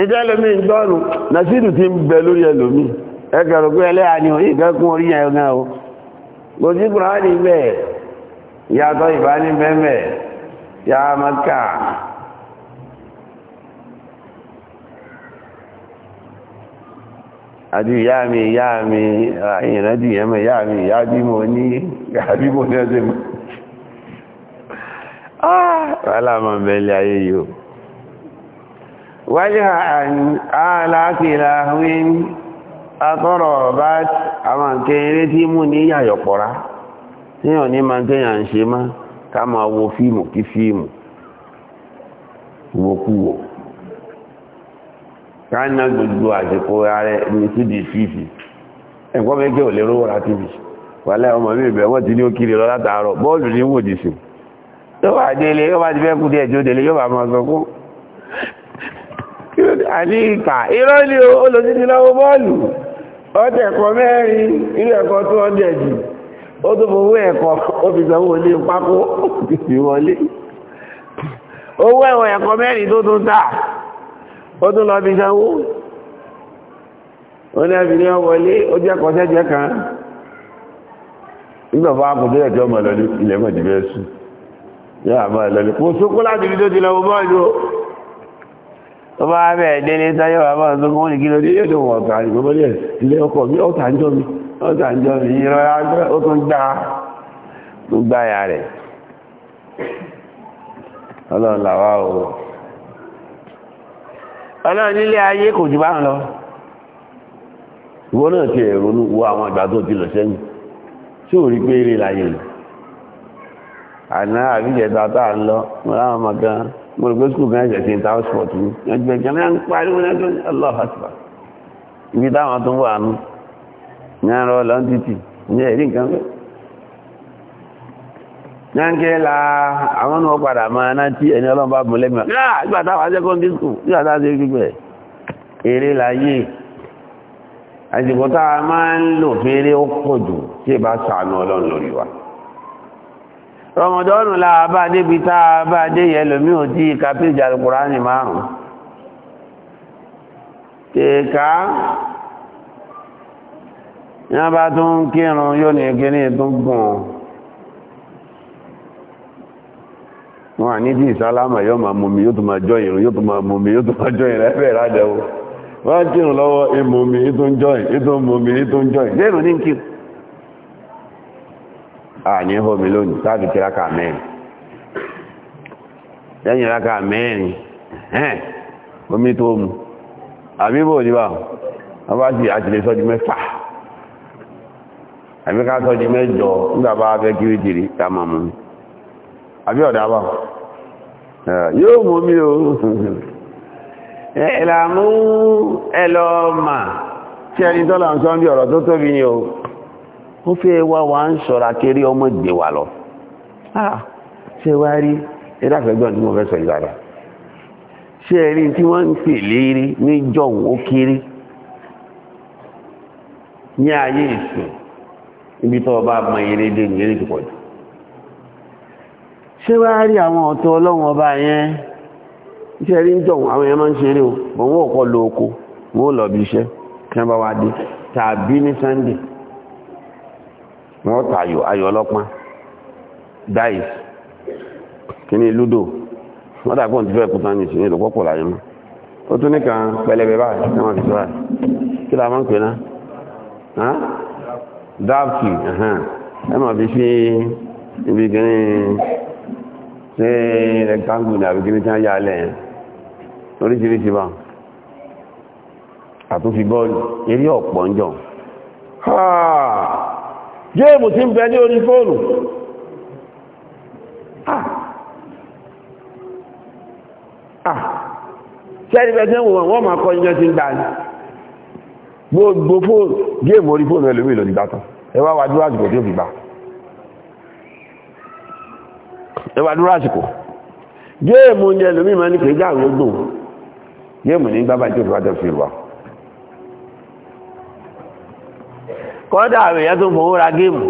ìjẹ́ lómi ìgbọ́nù nàṣírù ti ń bẹ lórí ẹlòmí ẹgbẹ̀rún pé ẹlẹ́yà orí yẹn o ya maka àti ìyá mi ìyá mi ìrántí ìyẹn mo ní ní ọdún ah, mọ́ ayé wájíhà aláàkìláwín atọ́rọ̀ bá àwọn kéré tí mú ní yàyọ̀pọ̀rá tí yàn ní máa tẹ́yà ń ṣe má ká ma wo fíìmù kí fíìmù wòkúwò ká ná gbogbo àsìkò ààrẹ ní sídìí fífì ẹ̀kọ́ mẹ́kẹ́ ò lè rówó ra tífì wàlẹ́ ọmọ mi ìbẹ̀ wọ́n ti ní kiri lọ látàárọ̀ bọ́ọ̀lù ní yóò délé yóò bá ti fẹ́ kú délé yóò bá máa sọ fún àní ìkà irọ́ ni ó lòdídínláwó bọ́ọ̀lù ọdẹ ẹ̀kọ́ mẹ́rin irú ẹ̀kọ́ tó ọdẹ ẹ̀jì ó tó fowó ẹ̀kọ́ ó fi sanwó ilé pákó ìwọlé owó ẹ̀wọ̀n ẹ̀kọ́ mẹ́rin tó tún tà ó tún lọ fi sanwó ó ní ẹ̀fì ní ọwọlé ó jẹ́ ẹ̀kọ́ sẹ́jẹ́ kan nígbà fún akùn tó yẹ kí ọmọ lọ ilẹ̀ mọ̀ jù bẹ́ẹ̀ sùn yóò àmọ́ ẹ̀ lọ tó bá bẹ̀ẹ̀ délé sáyé wà máa tó kọ́ ní kí ló dé yóò ọ̀tà ọkọ̀ mi ọ̀tà ń mi ọ̀tà ń jọ mi ìrọ̀lá ó tó gbá tó rẹ̀ ọlọ́run o nílé ayé kò jù bá ń lọ ìwọ náà àwọn àgbà tó ti lọ sẹ́yìn tí ò pé eré láyé àná àbíjẹta tá mo rò pé skul kan ẹ̀jẹ̀ ti ń ta oxford mi ẹgbẹ́ ìjọba ń pariwo náà tó ń lọ hospital ibi táwọn tó wà nù ní àrọ lọ́ntìtì ní ẹ̀rí nǹkan fẹ́ yánkẹ́ la àwọn ọmọ padà máa náà tí ẹni ọlọ́run bá bùn lẹ́gbẹ̀ẹ́ náà ìgbà táwọn secondary school nígbà táwọn ṣe gbígbẹ̀ eré láyé àsìkò táwọn máa ń lò fèrè ó rọmọdọ́nù láàbá débi táa bá dé yẹ lómi ò tí kàpéjì alùkùránì márùn-ún kèèkà ní a bá tún kírun yóò ní kíní tún gùn wọn ní tí ìsálámà yóò máa mumi yóò tún máa jọ ìrùn yóò tún máa mumi yóò tún máa jọ ìrùn ẹgbẹ́ ìrádẹ́wò wọ́n kírun lọ́wọ́ ìmumi ìtún jọ ìrùn ìtún mumi ìtún jọ ìrùn àní ah, omi lónìí sáàfi kí rákà mẹ́rin lẹ́yìn rákà mẹ́rin ẹ̀hẹ́n omi tó mú àbíbò òdíbà wọ́n bá sì àtìlẹ̀ sọ́jú mẹ́fà sọ ká sọ́jú mẹ́jọ nígbàbá kiri jiri ma o ẹ̀làmú ẹlọ́ọ̀mà tí ẹni tọ́lá ń ni o ó fẹ́ wá wá ń ṣọ́ra kéré ọmọ ìgbé wà lọ ṣe wá rí ẹ̀dàfẹ́gbọ́n tí mo fẹ́ sọ ìgbàdà ṣe ẹ̀rí tí wọ́n ń pè léèrè ní jọ̀hún ó kéré ní ayé ìsìn ibi tó ọba mọ ìrédé ní eré ìpọ̀ jù ṣe wá rí àwọn ọ̀tọ̀ ọlọ́run ọba yẹn ṣe rí ń jọ̀hún àwọn yẹn máa ń ṣeré o bọ̀ ò kọ́ lo oko ò lọ bí iṣẹ́ kí wọ́n bá wá dé tàbí ní Sunday wọ́n tayò ayọ̀ ọlọ́pọ́n dice kíní ludo wọ́n dàgbọ́n ti fẹ́ kúta ní ìṣẹ́ nílò pọ́pọ̀ láyé mọ́ ó tún ní kan pẹlẹbẹ báyìí tí wọ́n fi sọ́ra kí la máa ń pè náà dáàbì ẹ máa fi sí ibi kíní ṣe rectangle ní àbí kíní tí wọ́n yá alẹ́ yẹn oríṣiríṣi bá àtúnfi bọ́ọ̀lù eré ọ̀pọ̀ ń jọ háà géèmù tí ń bẹ ní orí fóònù sẹ́ni bẹ́ẹ̀ tẹ́ wọ́n wọ́n máa kọ́ ìjọ tí ń gbà ní gbogbo fóònù géèmù orí fóònù ẹlòmí ìlò ìgbàtàn ẹwà wà dúró àsìkò tí ó fi gbà ẹwà dúró àsìkò géèmù ní ẹlòmí ìmọ̀ ní kèéjà àwọn ogun géèmù ní gbábà kọ́dà àwọn èèyàn tó fowó ra géèmù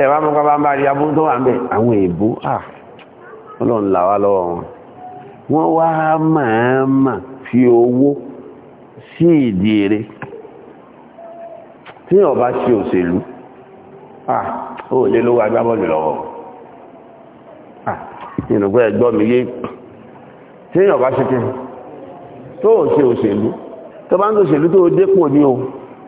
ẹ̀wà mọ́ pápá bá rí abúrú tó wà ń bẹ̀ àwọn èèbó ọlọ́run là wá lọ́wọ́ wọn wọ́n wá màámà fi owó sí ìdí eré tí ọba ṣe òṣèlú ó lé lówó agbábọ́ọ̀lù lọ́wọ́ ìrùgbọ́ ẹ̀gbọ́ mi yé tí ọba ṣe kí tó ṣe òṣèlú tó bá ń ṣe òṣèlú tó dé ní ohun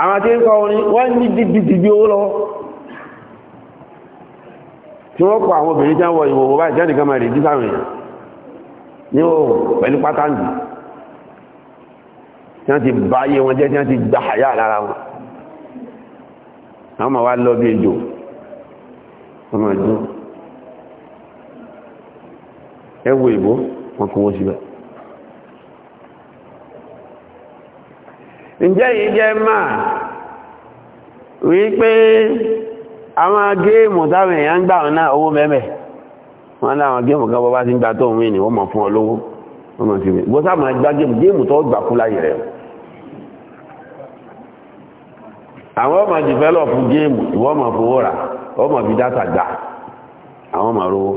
àwọn tí ń kọ orin wọ́n ní dìbìdìbì owó lọ́wọ́ tí wọ́n kọ àwọn obìnrin jẹ́ wọ ìwòwò báyìí jẹ́ nìkan máa rè ní òun pẹ̀lú pátánì tí wọ́n ti báyé wọn jẹ́ tí wọ́n ti gbà àyà lára wọn àwọn ma lọ bí ejò ọmọ ìdún ẹwọ ìbò wọn kò síbẹ̀ ǹjẹ́ yìí jẹ́ máa wípé àwọn géèmù táwọn èèyàn ń gbà wọn náà owó mẹ́mẹ́ wọ́n láwọn bọ́bá ti ń gba tó ń wí wọ́n mọ̀ fún ọ wọ́n mọ̀ sí mi bó sáà gbá géèmù géèmù tó gbà kú láyé rẹ̀ àwọn ọmọ dìfẹ́lọ̀ fún géèmù ìwọ́n mọ̀ fowó rà wọ́n mọ̀ fi dátà gbà àwọn ọmọ rówó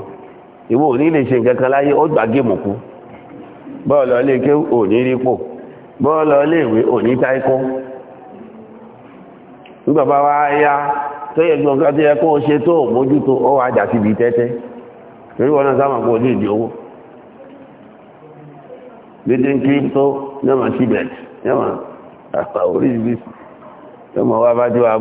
ìwọ ò lè ṣe nǹkan kan láyé ó gbà géèmù kú bọ́ọ̀lù ọlẹ́kẹ́ ò rí pò bọ́ọ̀lọ iléèwé òní táíkọ́ nígbàbá wá yá tó yẹ gbọ́n tó yẹ kó o ṣe tó mójútó ó wà jà síbi tẹ́tẹ́ torí wọn náà sáà máa ìdí owó lédè ń kíríptó yọmọ tíbẹ̀t yọmọ àpá oríṣiríṣi yọmọ wá bá tí wà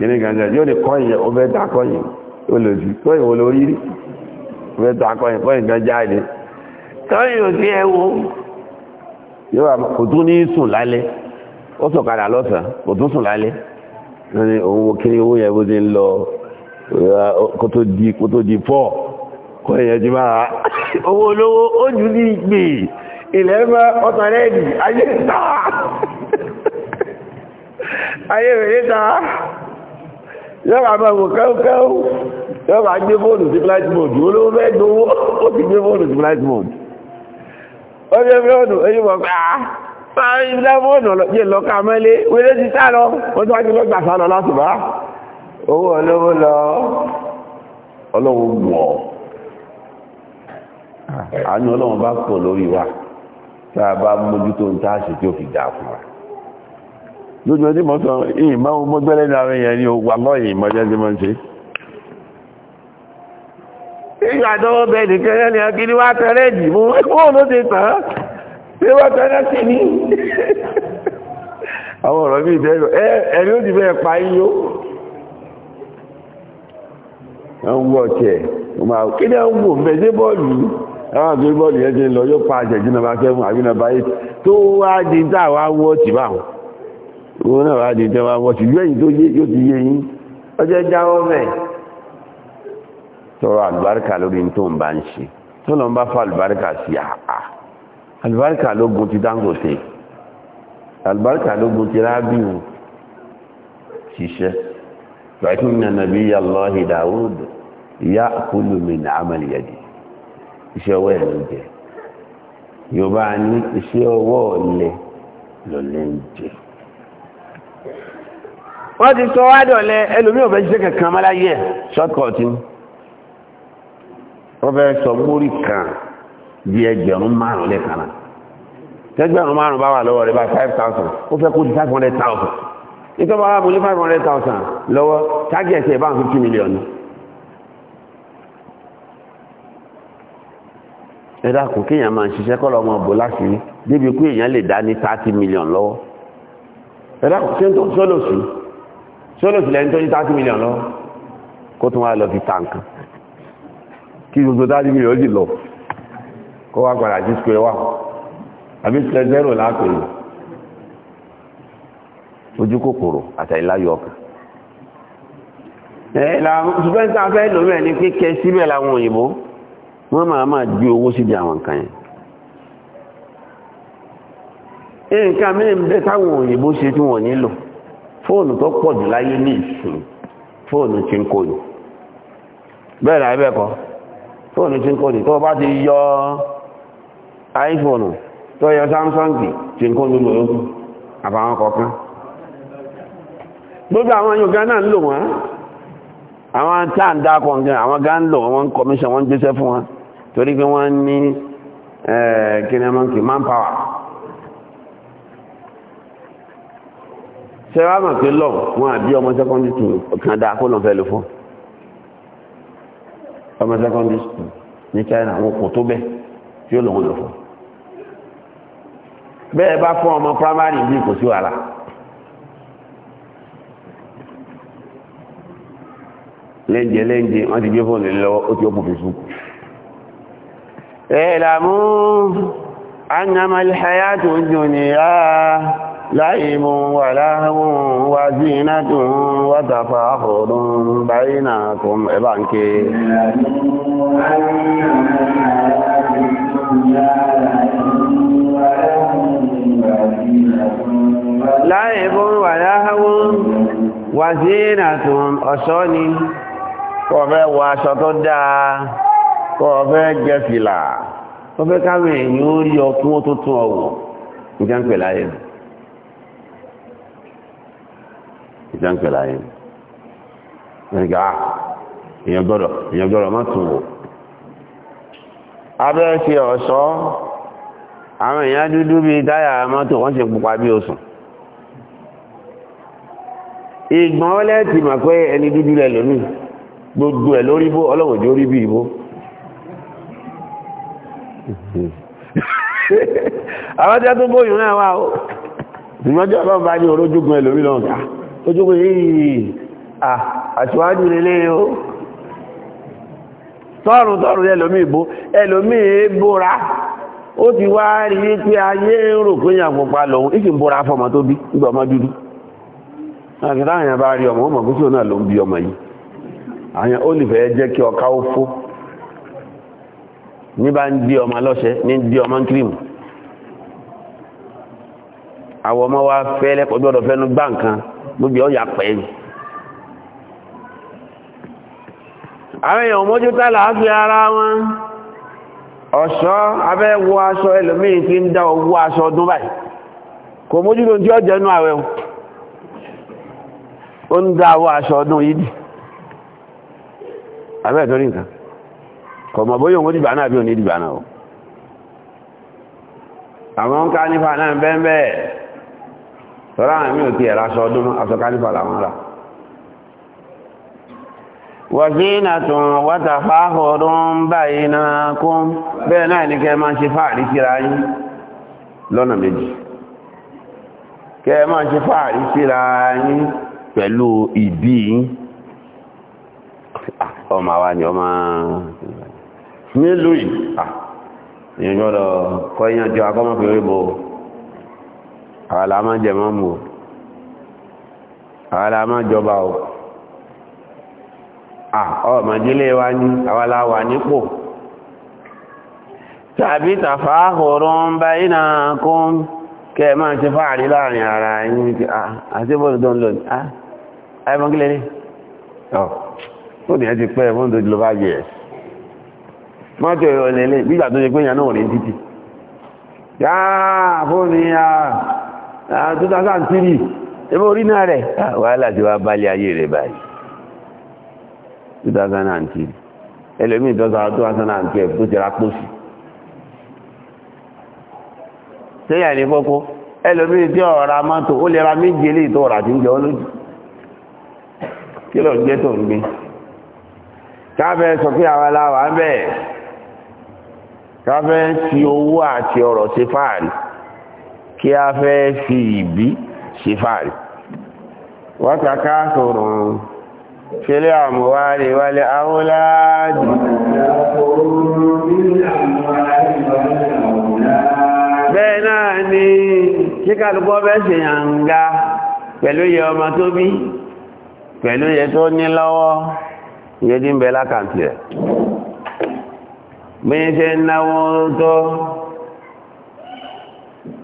kìíní gàǹgà yóò lè kọ́yìn ó fẹ́ dá kọ́yìn ó lò sí kọ́yìn wo lórí rí ó fẹ́ dá kọ́yìn kọ́yìn gan jáde kọ́yìn ò sí ẹ wo yóò wà kò tún ní sùn lálẹ́ ó sọ̀kadà lọ́sàn-án kò tún sùn lálẹ́ ní òun wo kiri owó yẹn bó ti ń lọ kó tó di kó tó di pọ̀ kọ́yìn yẹn ti máa owó olówó ó jù ní ìgbè ilẹ̀ ẹ̀fẹ́ ọ̀tọ̀rẹ́ẹ̀dì ayé ìta ayé ìrẹ̀lẹ́ta yọ́ra máa wò kẹ́ọ̀kẹ́ọ̀ yọ́ra gbé fóònù sí flight mode olówó fẹ́ gbówó ó ti gbé fóònù sí flight mode ó gbé fóònù eyín wọ̀ pé àá máa ń ilé fóònù yé lọ́ka mẹ́lé wílé ti sá lọ ó tún wá ti lọ́gbà sá lọ láti bá owó olówó lọ ọlọ́wọ́ wọ̀ àánú ọlọ́wọ́ bá pọ̀ lórí wa tá a bá mójútó ń tá a ṣe tí ó fi dà fún wa lójú ọdí mọ́ sọ ìmọ̀ ọmọ gbẹ́lẹ́ ní àwọn èèyàn ni ó wà lọ́ ìmọ̀ jẹ́jẹ́ mọ́ ṣe ìgbà tọwọ́ bẹ nìkan yẹn ni a kiri wá tẹ́lẹ̀ jì mú ẹgbọ́n ló ti tàn án pé wọ́n tẹ́lẹ̀ sí ní àwọn ọ̀rọ̀ bí ìdẹ́rọ ẹ̀rí ó ti bẹ́ẹ̀ pa yíyó wọ́n wọ́ ọ̀tẹ̀ kí ni àwọn wò mẹ́ dé bọ́ọ̀lù àwọn àgbé bọ́ọ̀lù yẹn ti lọ yóò pa àjẹ̀jìnà bá fẹ́ fún àbínà tó wá di dáwà wọ́ ọ̀tì báwọn wọn náà wá di ìjọba wọ́n ti lóyìn tó yé yóò ti yé yín ọjọ́ jáwọ́ mẹ́ tọrọ àlùbáríkà lórí tó ń bá ń ṣe tó lọ ń bá fa àlùbáríkà sí àà àlùbáríkà lógun ti Dangote àlùbáríkà lógun ti rábìù ṣiṣẹ́ lọ́kùn ní ànàbí yà lọ́hì ìyá kúlù mi ní amàlìyàdì iṣẹ́ ọwọ́ ẹ̀ ló jẹ yorùbá ní iṣẹ́ ọwọ́ ọ̀lẹ lọ́lẹ́ ń jẹ wọ́n ti sọ wádọ̀lẹ́ ẹlòmí òfẹ́ ṣiṣẹ́ kankan máláyé shortcut ni wọ́n fẹ́ sọ mórí kan di ẹgbẹ̀rún márùn lẹ́kan náà tẹgbẹ̀rún márùn bá wà lọ́wọ́ rẹ̀ bá five thousand ó fẹ́ kó di five hundred thousand nítorí wàá mú ní five hundred thousand lọ́wọ́ target ẹ̀ bá ń fifty million. ẹ dákun kéèyàn máa ń ṣiṣẹ́ kọ́ lọ́mọ bò láṣìírí débi pé èèyàn lè dá ní thirty million lọ́wọ́ ẹ dákun ṣé ń tó sọ́lọ́sùn sọ́lọ̀ sílẹ̀ ní tó ní 30 million lọ kó tún wá lọ fi ta nǹkan kí gbogbo 30 million sì lọ kó wá padà sí square wà àbí square zero lápèrè ojú kòkòrò àtàìláyọ̀ ọkàn ṣùgbọ́n la a fẹ́ lò mẹ́ ní kíkẹ́ síbẹ̀ láwọn òyìnbó wọ́n máa máa ju owó síbi àwọn nǹkan yẹn nǹkan mẹ́rin bẹ́ táwọn òyìnbó ṣe tí wọ́n nílò fóònù tó pọ̀ jù láyé ní ìsìn fóònù tí ń kò bẹ́ẹ̀ náà ẹbẹ́ fóònù tí ń yọ iPhone tó yọ Samsung tí ń kò ní àbáwọn kọ̀ọ̀kan gbogbo àwọn yóò gánà ń lò wọ́n àwọn táàndá kọ̀ọ̀kan àwọn gánà lò wọ́n commission wọ́n gbéṣẹ́ fún wọn torí pé wọ́n ní eh, manpower ṣe wá mọ̀ pé lọ wọn àbí ọmọ secondary school kan dáa kó lọ́n fẹ́ lò fún ọmọ secondary school ní China wọn kò tó bẹ́ẹ̀ tí ó lòun lò fún bẹ́ẹ̀ bá fún ọmọ primary bí kò sí wàhálà lẹ́ǹjẹ lẹ́ǹjẹ wọ́n ti gbé fóònù lọ́wọ́ ó ti ó kù Facebook ẹ̀ẹ́dàmú annamal hayatu dunya لعب ولهو وزينة وتفاخر بينكم بانك لعب ولهو وزينة ọ̀ṣọ́ni kọ́ fẹ́ wọ aṣọ tó dáa kọ́ fẹ́ gẹ fìlà kọ́ fẹ́ káwọn èèyàn ó rí ọkún ó tó tún ọwọ́ ìjẹ́ láyé ìjánkẹ̀ láyé ẹ̀gá ah, èèyàn gbọ́dọ̀ èèyàn gbọ́dọ̀ má tún wò abẹ́ ṣe ọ̀ṣọ́ àwọn èèyàn dúdú bí táyà mọ́tò wọ́n ṣe pupa bí osùn ìgbọ̀n ọlẹ́tì mà pé ẹni dúdú lẹ lómi gbogbo ẹ̀ lórí bó ọlọ́wọ̀n jó rí bí ìbó àwọn tí a tó bóyún náà wà ó ìmọ́jọ́ ọlọ́run bá ní orójúgun ẹlòmí lọ́nà ojókòó yìí àṣíwájú lélé o tọ́rùn tọ́rùn ẹlòmí ìbò ẹlòmí ìbòra ó ti wá rí pé ayé ń rò pé yàn pupa lòun ìsìn bóra fọmọ tó bí ìgbà dúdú bá rí ọmọ ọmọ ní bá ń di ọmọ lọ́ṣẹ́ ní di àwọn ọmọ wa fẹ́ lẹ́kọ̀ọ́ gbọ́dọ̀ fẹ́nu gbá nǹkan gbogbo ọ̀yà pẹ́ àwọn èèyàn mójútà ara wọn ọ̀ṣọ́ aṣọ ẹlòmíì ń dá owó aṣọ ọdún báyìí kò mójútó tí ó ń dá owó aṣọ ọdún yìí dì abẹ́ nǹkan bóyá òun náà bí òun o àwọn ń ká nípa náà tọ́lá àwọn mí ò ti aṣọ ọdún aṣọ kálífà làwọn rà wàzínà tún wátà fáhọ̀ báyìí na kún bẹ́ẹ̀ náà ní kẹ́ máa ṣe fáàrí síra yín lọ́nà méjì kẹ́ máa ṣe fáàrí síra pẹ̀lú ìbí ah, ọmọ ni ọmọ nílùú ah, kọ́ àwọn àlàmà jẹmọ́ mú o àwọn àlàmà jọba o ọmọdílé wa ní àwọn aláwà nípò tàbí tàfà àhòrán bá iná kún kẹ máa ṣe fáàrí láàrin ara yìí ti àti bọ́ọ̀lù tó ń lò ní àìbọ̀nkílẹ̀ ní ọ̀ tó ní ẹ ti pẹ́ fún dojú ló bá yẹ ẹ̀ mọ́tò ìrọ̀lẹ́lẹ́ nígbà tó ṣe pé ìyànà òní títì yáà fóònù yáà 2003 ẹbí orí náà rẹ̀ wàhálà tí wá bá lé ayé rẹ̀ báyìí 2003 2012 tó jẹra pósì tẹ́yà ní fọ́kó ẹlẹ́mí tí ọ̀rá mọ́tò ó lè méjì ilé ìtọ́ ọ̀rá tí ń jẹ olójú kí lọ gbé tó ń gbé káfẹ́ sọ pé àwọn káfẹ́ ti owó àti ọ̀rọ̀ kí a fẹ́ fi ìbí ṣe fàárì wọ́tàká sọ̀rọ̀ fílẹ̀ àmúwárí wálé áwọ́láàdì bẹ́ẹ̀ náà ni kíkàlùkọ́ bẹ́ ṣe yànga pẹ̀lú yẹ ọmọ tó bí pẹ̀lú yẹ tó ní lọ́wọ́ yẹ dín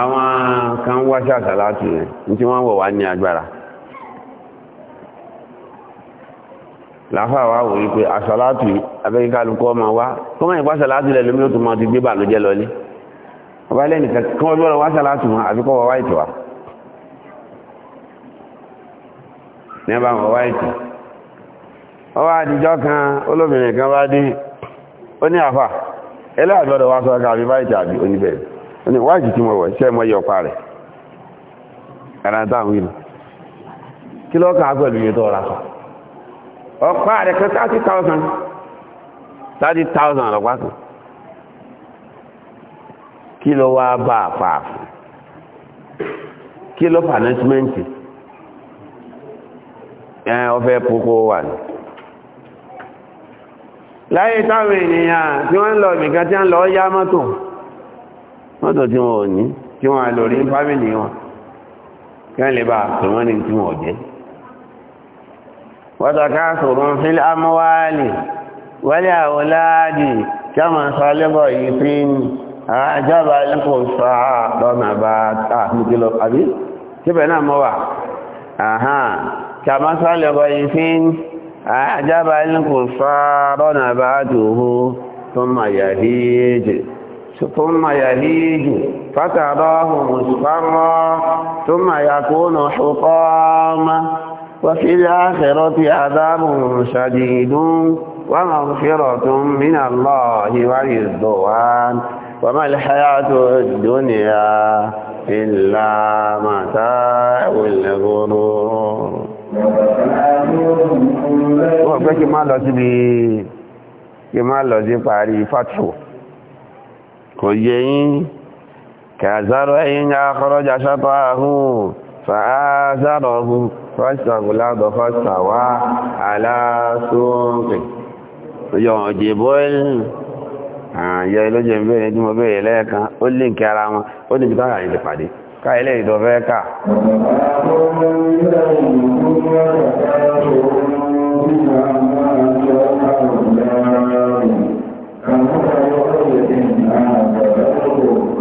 àwọn kan wá ṣàṣà láti rẹ̀ tí wọ́n wọ̀ wá ní agbára láfàwà wò wípé àṣàlátù abẹ́kíkálukọ́ ọmọ wá tó mọ́ ìpá ṣàlátù lẹ̀ lómi tó gbe ti gbé bà ló jẹ́ lọlé ọba lẹ́nì kan ẹlẹ́ àjọ́dọ̀ wá àbí oníbẹ̀rẹ̀ ẹni wáàjì tí mo wọ̀ ṣe mọ́ yọ pa rẹ̀ ẹ̀rọ táwọn ìlú kí ló kà á pẹ̀lú iye tó ra sọ ọ̀pá rẹ̀ kan thirty thousand thirty thousand ọ̀pá kan kí ló wá bá a pa fún kí ló fànẹ́símẹ́ǹtì ẹ ọfẹ́ púpọ̀ wà ní láyé táwọn ènìyàn tí wọ́n ń lọ nìkan tí wọ́n lọ yá mọ́tò mọ́tò tí wọ́n ò ní tí wọ́n àlòrí fámìlì wọn kí wọ́n lè bá pè wọ́n ní tí wọ́n jẹ́ wọ́tàká sọ̀rọ̀ fil amwali wal awladi kama sọ́lẹ́bọ̀ yìí fi ń àjábà lẹ́kọ̀ọ́ sọ lọ́nà bá tààkùnkìlọ àbí síbẹ̀ náà mọ́ wà àhán kama àjábà lẹ́kọ̀ọ́ sọ lọ́nà bá tòhó tó mà yà ثم يهيج فتراه مصفرا ثم يكون حطاما وفي الآخرة عذاب شديد ومغفرة من الله ورضوان وما الحياة الدنيا إلا متاع الغرور وفي كمال kí كمال lọ síbi kí kò yẹ yín kàzáró ẹ̀yìn ní akọ́rọ́jà ṣọ́tọ́ àhún fàázáró ọ̀hún fọ́sàgùládọ̀ fọ́sàwá aláṣọ́ọ̀kẹ̀ àyẹ ilójẹ ìbẹ̀rẹ̀ tí mo bẹ̀rẹ̀ lẹ́ẹ̀kan ó lè kí ara wọn ó ní ìbítà àyẹ̀ ìpàdé káyẹ̀lẹ̀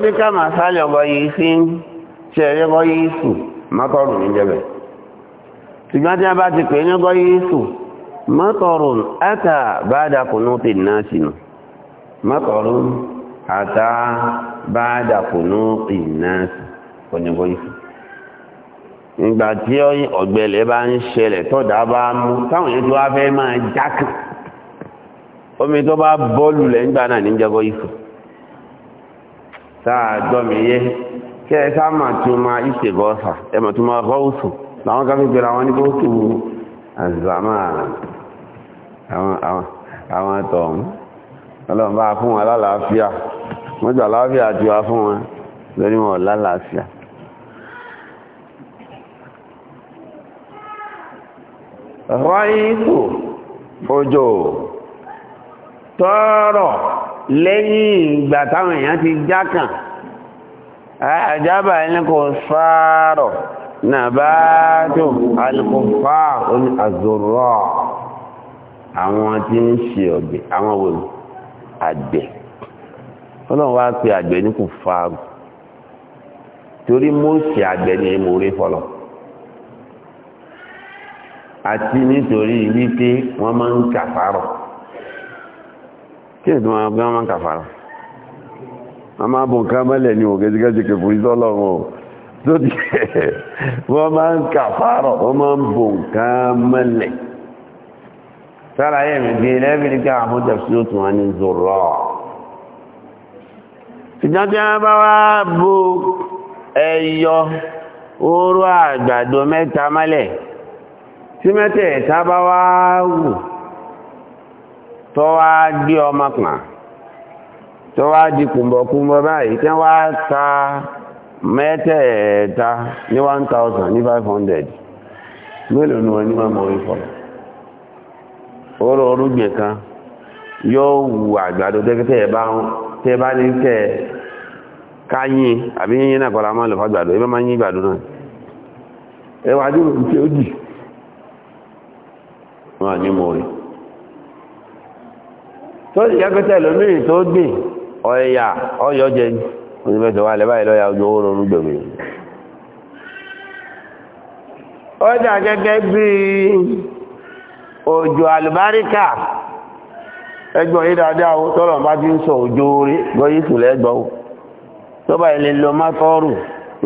ó ní ká máa sáàlẹ̀ ọgbọ̀ yìí sí ṣe ẹ̀rẹ́gọ́ yìí sù mọ́tọ̀rùn ní jẹ́bẹ̀ ṣùgbọ́n tí a bá ti pè ní ọgọ́ yìí sù mọ́tọ̀rùn ẹ́ta báadàkùnú ti náà àtà báadàkùnú ti náà yìí sù sáà gbọ́mi yé kí ẹ sáà máa tún máa ìṣe gọ́ọ̀sà ẹ máa tún máa gọ́ọ̀sù làwọn kan fi gbèrè àwọn ní gọ́ọ̀sù àzàmà àwọn tọ̀hún ọlọ́run bá fún wọn lálàáfíà wọ́n jọ àlàáfíà ti wá fún wọn òjò tọ́rọ̀ lẹ́yìn ìgbà táwọn èèyàn ti jákàn àjábà ẹni kò sáàrọ̀ náà bá tó alìkọ̀fà oní àzọ̀rọ̀ àwọn tí ń ṣe ọ̀gbẹ̀ àwọn wo àgbẹ̀ ọlọ́run wá pé àgbẹ̀ ní kò fàárù torí Mósè àgbẹ̀ ni mo rí fọlọ́ àti nítorí wípé wọ́n máa ń kàfàárọ̀ kí ni wọ́n gbọ́n máa ń kàfàrà a máa bùn ká mẹ́lẹ̀ ní ògẹ́gẹ́gẹ́ kẹfù ìsọ́lọ́run tó ti wọ́n máa ń kàfàrà wọ́n máa ń bùn ká mẹ́lẹ̀ sára yẹ́ mi dé lẹ́bìrì ká àwọn tẹ̀sí ó tún wá ní zòrọ̀ ṣùgbọ́n tí wọ́n bá wá bu ẹyọ tó wá gbé tó wá di báyìí tí ta mẹ́tẹ̀ẹ̀ta ní 1000 ní 500 mélòó ni wọ́n ní ìfọ̀ oró kan yóò wù àgbàdo tẹ́ bá ní káyín àbí yínyìn náà kọ́lá máa yín ìgbàdo tó ti jẹ́pẹ́tẹ́ lómìnì tó gbìn ọ̀yà ọ̀yọ́ jẹ ní onímẹ́tọ̀ wà lẹ́bàá ìlọ́yà ojú owó ronú gbèmí ó dà gẹ́gẹ́ bí òjò àlùbáríkà ẹgbọ́n yìí dáadáa ó tọ́lọ̀ bá ti ń sọ òjò orí gbọ́yí sùlẹ̀ ẹgbọ́n ó tó bá ilé lọ má tọ́rù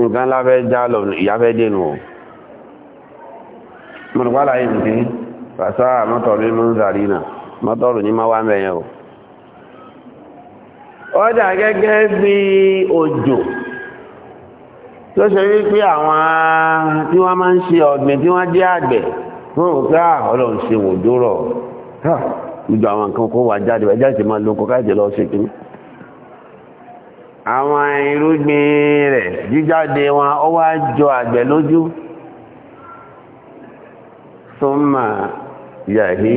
nǹkan láfẹ́ já lọ ìyáfẹ́ dénú ó mọ̀nùpá láyé nìkan fàṣà mọ́tọ̀rù ní mọ́tọ̀rù ní má wá mẹ́yẹn ó ó gẹgẹ gẹ́gẹ́ bí òjò tó ṣe wípé àwọn tí wọ́n máa ń ṣe ọ̀gbìn tí wọ́n jẹ́ àgbẹ̀ fún rò pé ah, ọlọ́run ṣe òjò rọ̀ ah, àwọn nǹkan kó wà jáde wà jáde máa lóko káàdì lọ sí kí àwọn irúgbìn rẹ̀ wọn ó wá jọ àgbẹ̀ lójú yàhí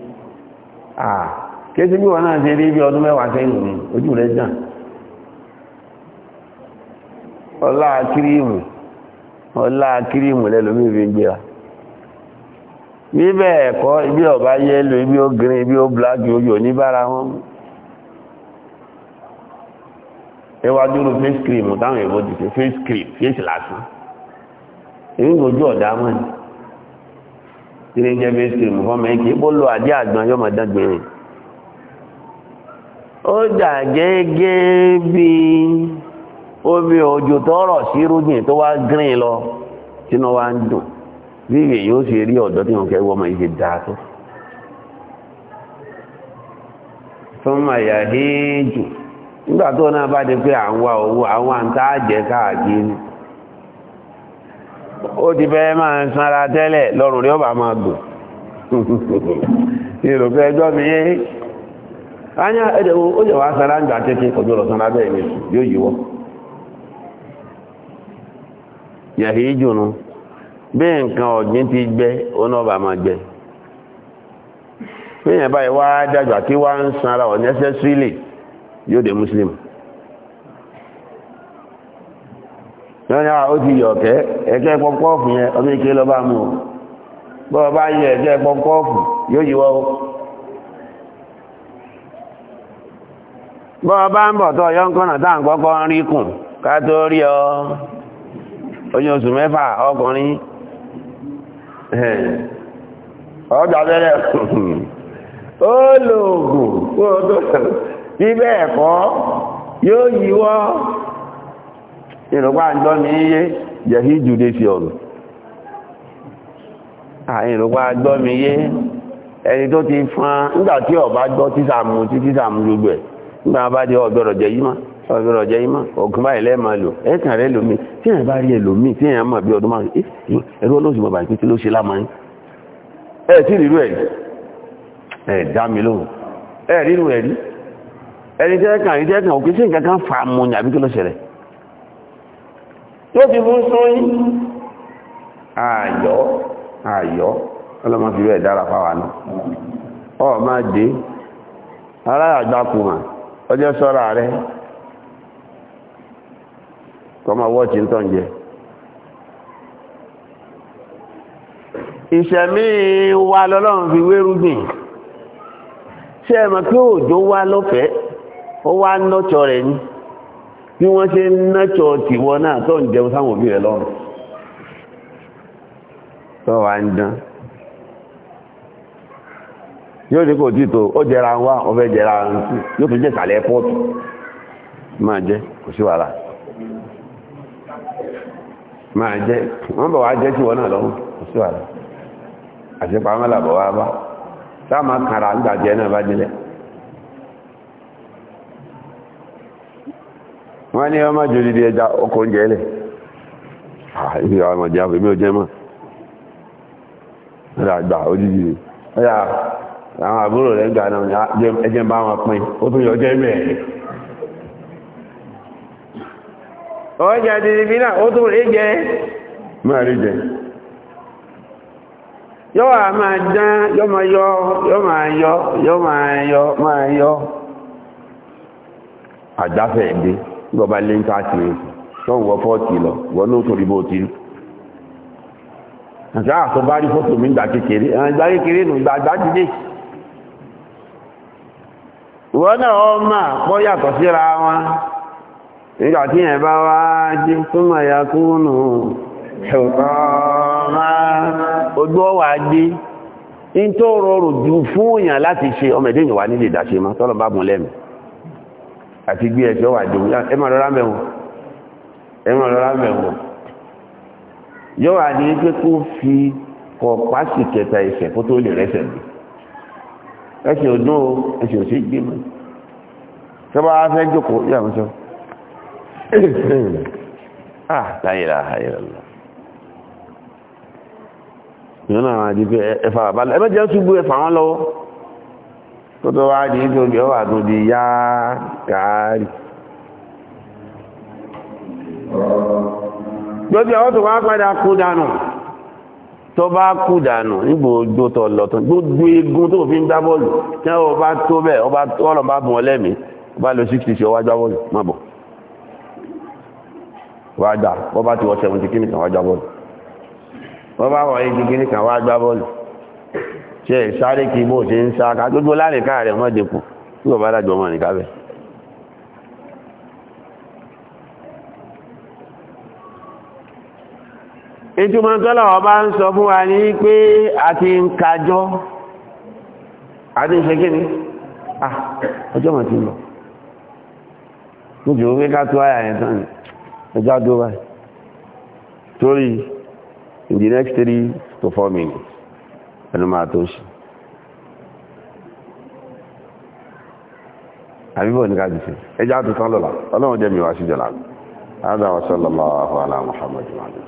àà kéèsì bí wọn náà ṣe rí bí ọdún mẹ́wàá sẹ́yìn ní ojú rẹ̀ jàn ọlá kírímù ọlá kírímù lẹ́lòmí fi gbéra bí bẹ́ẹ̀ ẹ̀kọ́ ibi ọba yẹ́lò ibi ó green ibi ó black ojú oníbára wọn ẹwàjú rú face cream táwọn èèbò ti ṣe face cream face lásán èyí ń gojú ọ̀dá mọ́ni tí ní jẹ́ bẹ́sì fọ́mọ ẹ̀kì ìpòlò àdí àgbọn yóò máa dágbìnrin ó dà gẹ́gẹ́ bí omi òjò tọrọ sí rúgbìn tó wá lọ tínú wá ń dùn bí yóò ṣe rí ọ̀dọ́ tí wọ́n kẹ́ wọ́n bá di ó ti fẹ́ máa sanra tẹ́lẹ̀ lọ́rùn rí ọba máa gùn èrò pé ẹjọ́ mi yé ányá ẹ̀dẹ̀wò ó yẹ̀ wá sanra ń gbà tẹ́kẹ́ ọjọ́ lọ sanra bẹ́ẹ̀ ni yóò yíwọ́ yẹ̀hì ìjùnú bí nǹkan ọ̀gbìn ti gbẹ oná ọba máa gbẹ bí yẹn báyìí wá muslim wọ́n ní ó ti pọ́pọ́ọ̀fù yẹn ọmọ ike lọ bá mú o bọ́ ọ bá yẹ ẹ̀kẹ́ pọ́pọ́ọ̀fù yóò yíwọ́ o bọ́ bá ń bọ̀ tọ́ yọ tá à ń ọ tó yóò ìrọ̀pá àjọ́ mi yé yẹ̀hí jùdé fi ọ̀rọ̀ àìrọ̀pá àjọ́ mi yé ẹni tó ti fan, nígbàtí ọba gbọ́ tisa títàmù gbogbo ẹ̀ nígbà bá dé ọgbọ̀rọ̀ jẹ́ yíma ọgbọ̀rọ̀ jẹ́ yíma ọ̀gùn báyìí lẹ́ẹ̀mà lò ẹ̀kàn rẹ̀ lómi tí èèyàn bá rí ẹlòmí tí èèyàn mọ̀ ẹ̀ mi lóhùn ẹ̀ rírú ẹ̀ rí ẹni tẹ́ẹ̀kàn rí tẹ́ẹ̀kàn òkè sí nǹkan kan fà á mú ni àbí kí tó fi mú sún yí ààyọ́ ààyọ́ ọlọ́mọ fi rẹ̀ dára fáwà ọ máa dé ara àgbàkùnmà ọjọ́ sọ́ra rẹ̀ kọmọ wọ́ọ̀tí ń tàn jẹ ìṣẹ̀mí wa lọ́lọ́run fi wérúgbìn ṣe ẹ̀mọ̀ kí òjò wá ó wá nọ́tọ̀ rẹ̀ bí wọ́n ṣe ń náà tó ń jẹun sáwọn òbí rẹ̀ lọ́rùn tó wà ń dán yóò ní kò tí tó ó jẹra wá ọfẹ́ jẹra yóò tó jẹ́ pọ́ọ̀tù máa jẹ kò sí wàhálà máa jẹ wọ́n bọ̀ wá jẹ́ tìwọ náà lọ́rùn kò sí wàhálà làbọ̀ wá wọ́n ní ọmọ jòdìdì ẹja ọkọ̀ oúnjẹ ẹlẹ̀ àìsí ọmọ jẹ́ àfẹ́ mi mọ́ ẹ̀dà àgbà òjìjì ẹ̀dà àwọn àbúrò rẹ̀ gbà náà ẹjẹ́ ah, bá wọn pín ó tún yọ jẹ́ mẹ́rin ọjà dìdì bí náà ó tún mẹ́rin yọ́wà máa dán máa ẹ̀dẹ́ gbọ́ba lé nke káàkiri tó fọ́ọ̀tì lọ wọ́n ní òtò ìbò tí àti àtò bá rí fọ́tò mi náà wọ́n mà pọ́ yàtọ̀ síra wọn bá wá jí ya kúnnù ojú ọwà rọrùn jù fún láti ṣe ọmọ nílé ìdáṣe àti gbé ẹ̀ṣọ́ wà jòwó ẹ máa lọ́ra mẹ́wọ̀n ẹ máa lọ́ra mẹ́wọ̀n yóò wà ní pé kó fi kọ̀ pàṣẹ kẹta ẹsẹ̀ kó tó lè rẹ́sẹ̀ gbé ẹsẹ̀ ò dún o ẹsẹ̀ ò sí gbé mọ́ sọ́ba wa fẹ́ jókòó yà wọ́n sọ ah láyé la ayé la la ìyọ́nà àwọn àdìgbẹ́ ẹ̀fà àbálẹ̀ ẹ má jẹ́ ṣubú ẹ̀fà wọn lọ́wọ́ tó tó wá di nítorí ọwà tó di yá kàárì lójú ọwọ́ tó wá padà kú dànù tó bá kú dànù nígbò ojú tó lọ tó gbogbo egun tó fi ń dá bọ́ọ̀lù tí wọ́n bá tó bẹ́ẹ̀ ọba tọ́lọ̀ bá bùn ọlẹ́mìí ọba lọ 60 ṣe ọwájá bọ́ọ̀lù má bọ̀ wájá wọ́n bá ti wọ́ 70 kí nìkan wájá bọ́ọ̀lù wọ́n bá wọ̀ 80 kí nìkan wájá bọ́ọ̀lù ṣe ìsáré kí bó ṣe ń sá ká gbogbo láríká rẹ̀ mọ́ dínkù tí kò bá dájọ́ mọ́ nìkan bẹ́ẹ̀. ìtumọ̀ tọ́lọ̀ ọba ń sọ fún wa ní pé ń kájọ́ ń ṣe ni ah, ọjọ́ mọ̀ ti lọ nítorí pé ká tó àyà yẹn tán ni ẹjọ́ àdó báyìí torí in the next three to four minutes ẹnu máa tó ṣe àbíbọ̀ ní káàkiri sí ẹjá tó tán lọ́la ọlọ́run jẹ́ mi wá sí jọlá هذا وصلى الله على محمد وعلى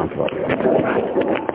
اله وصحبه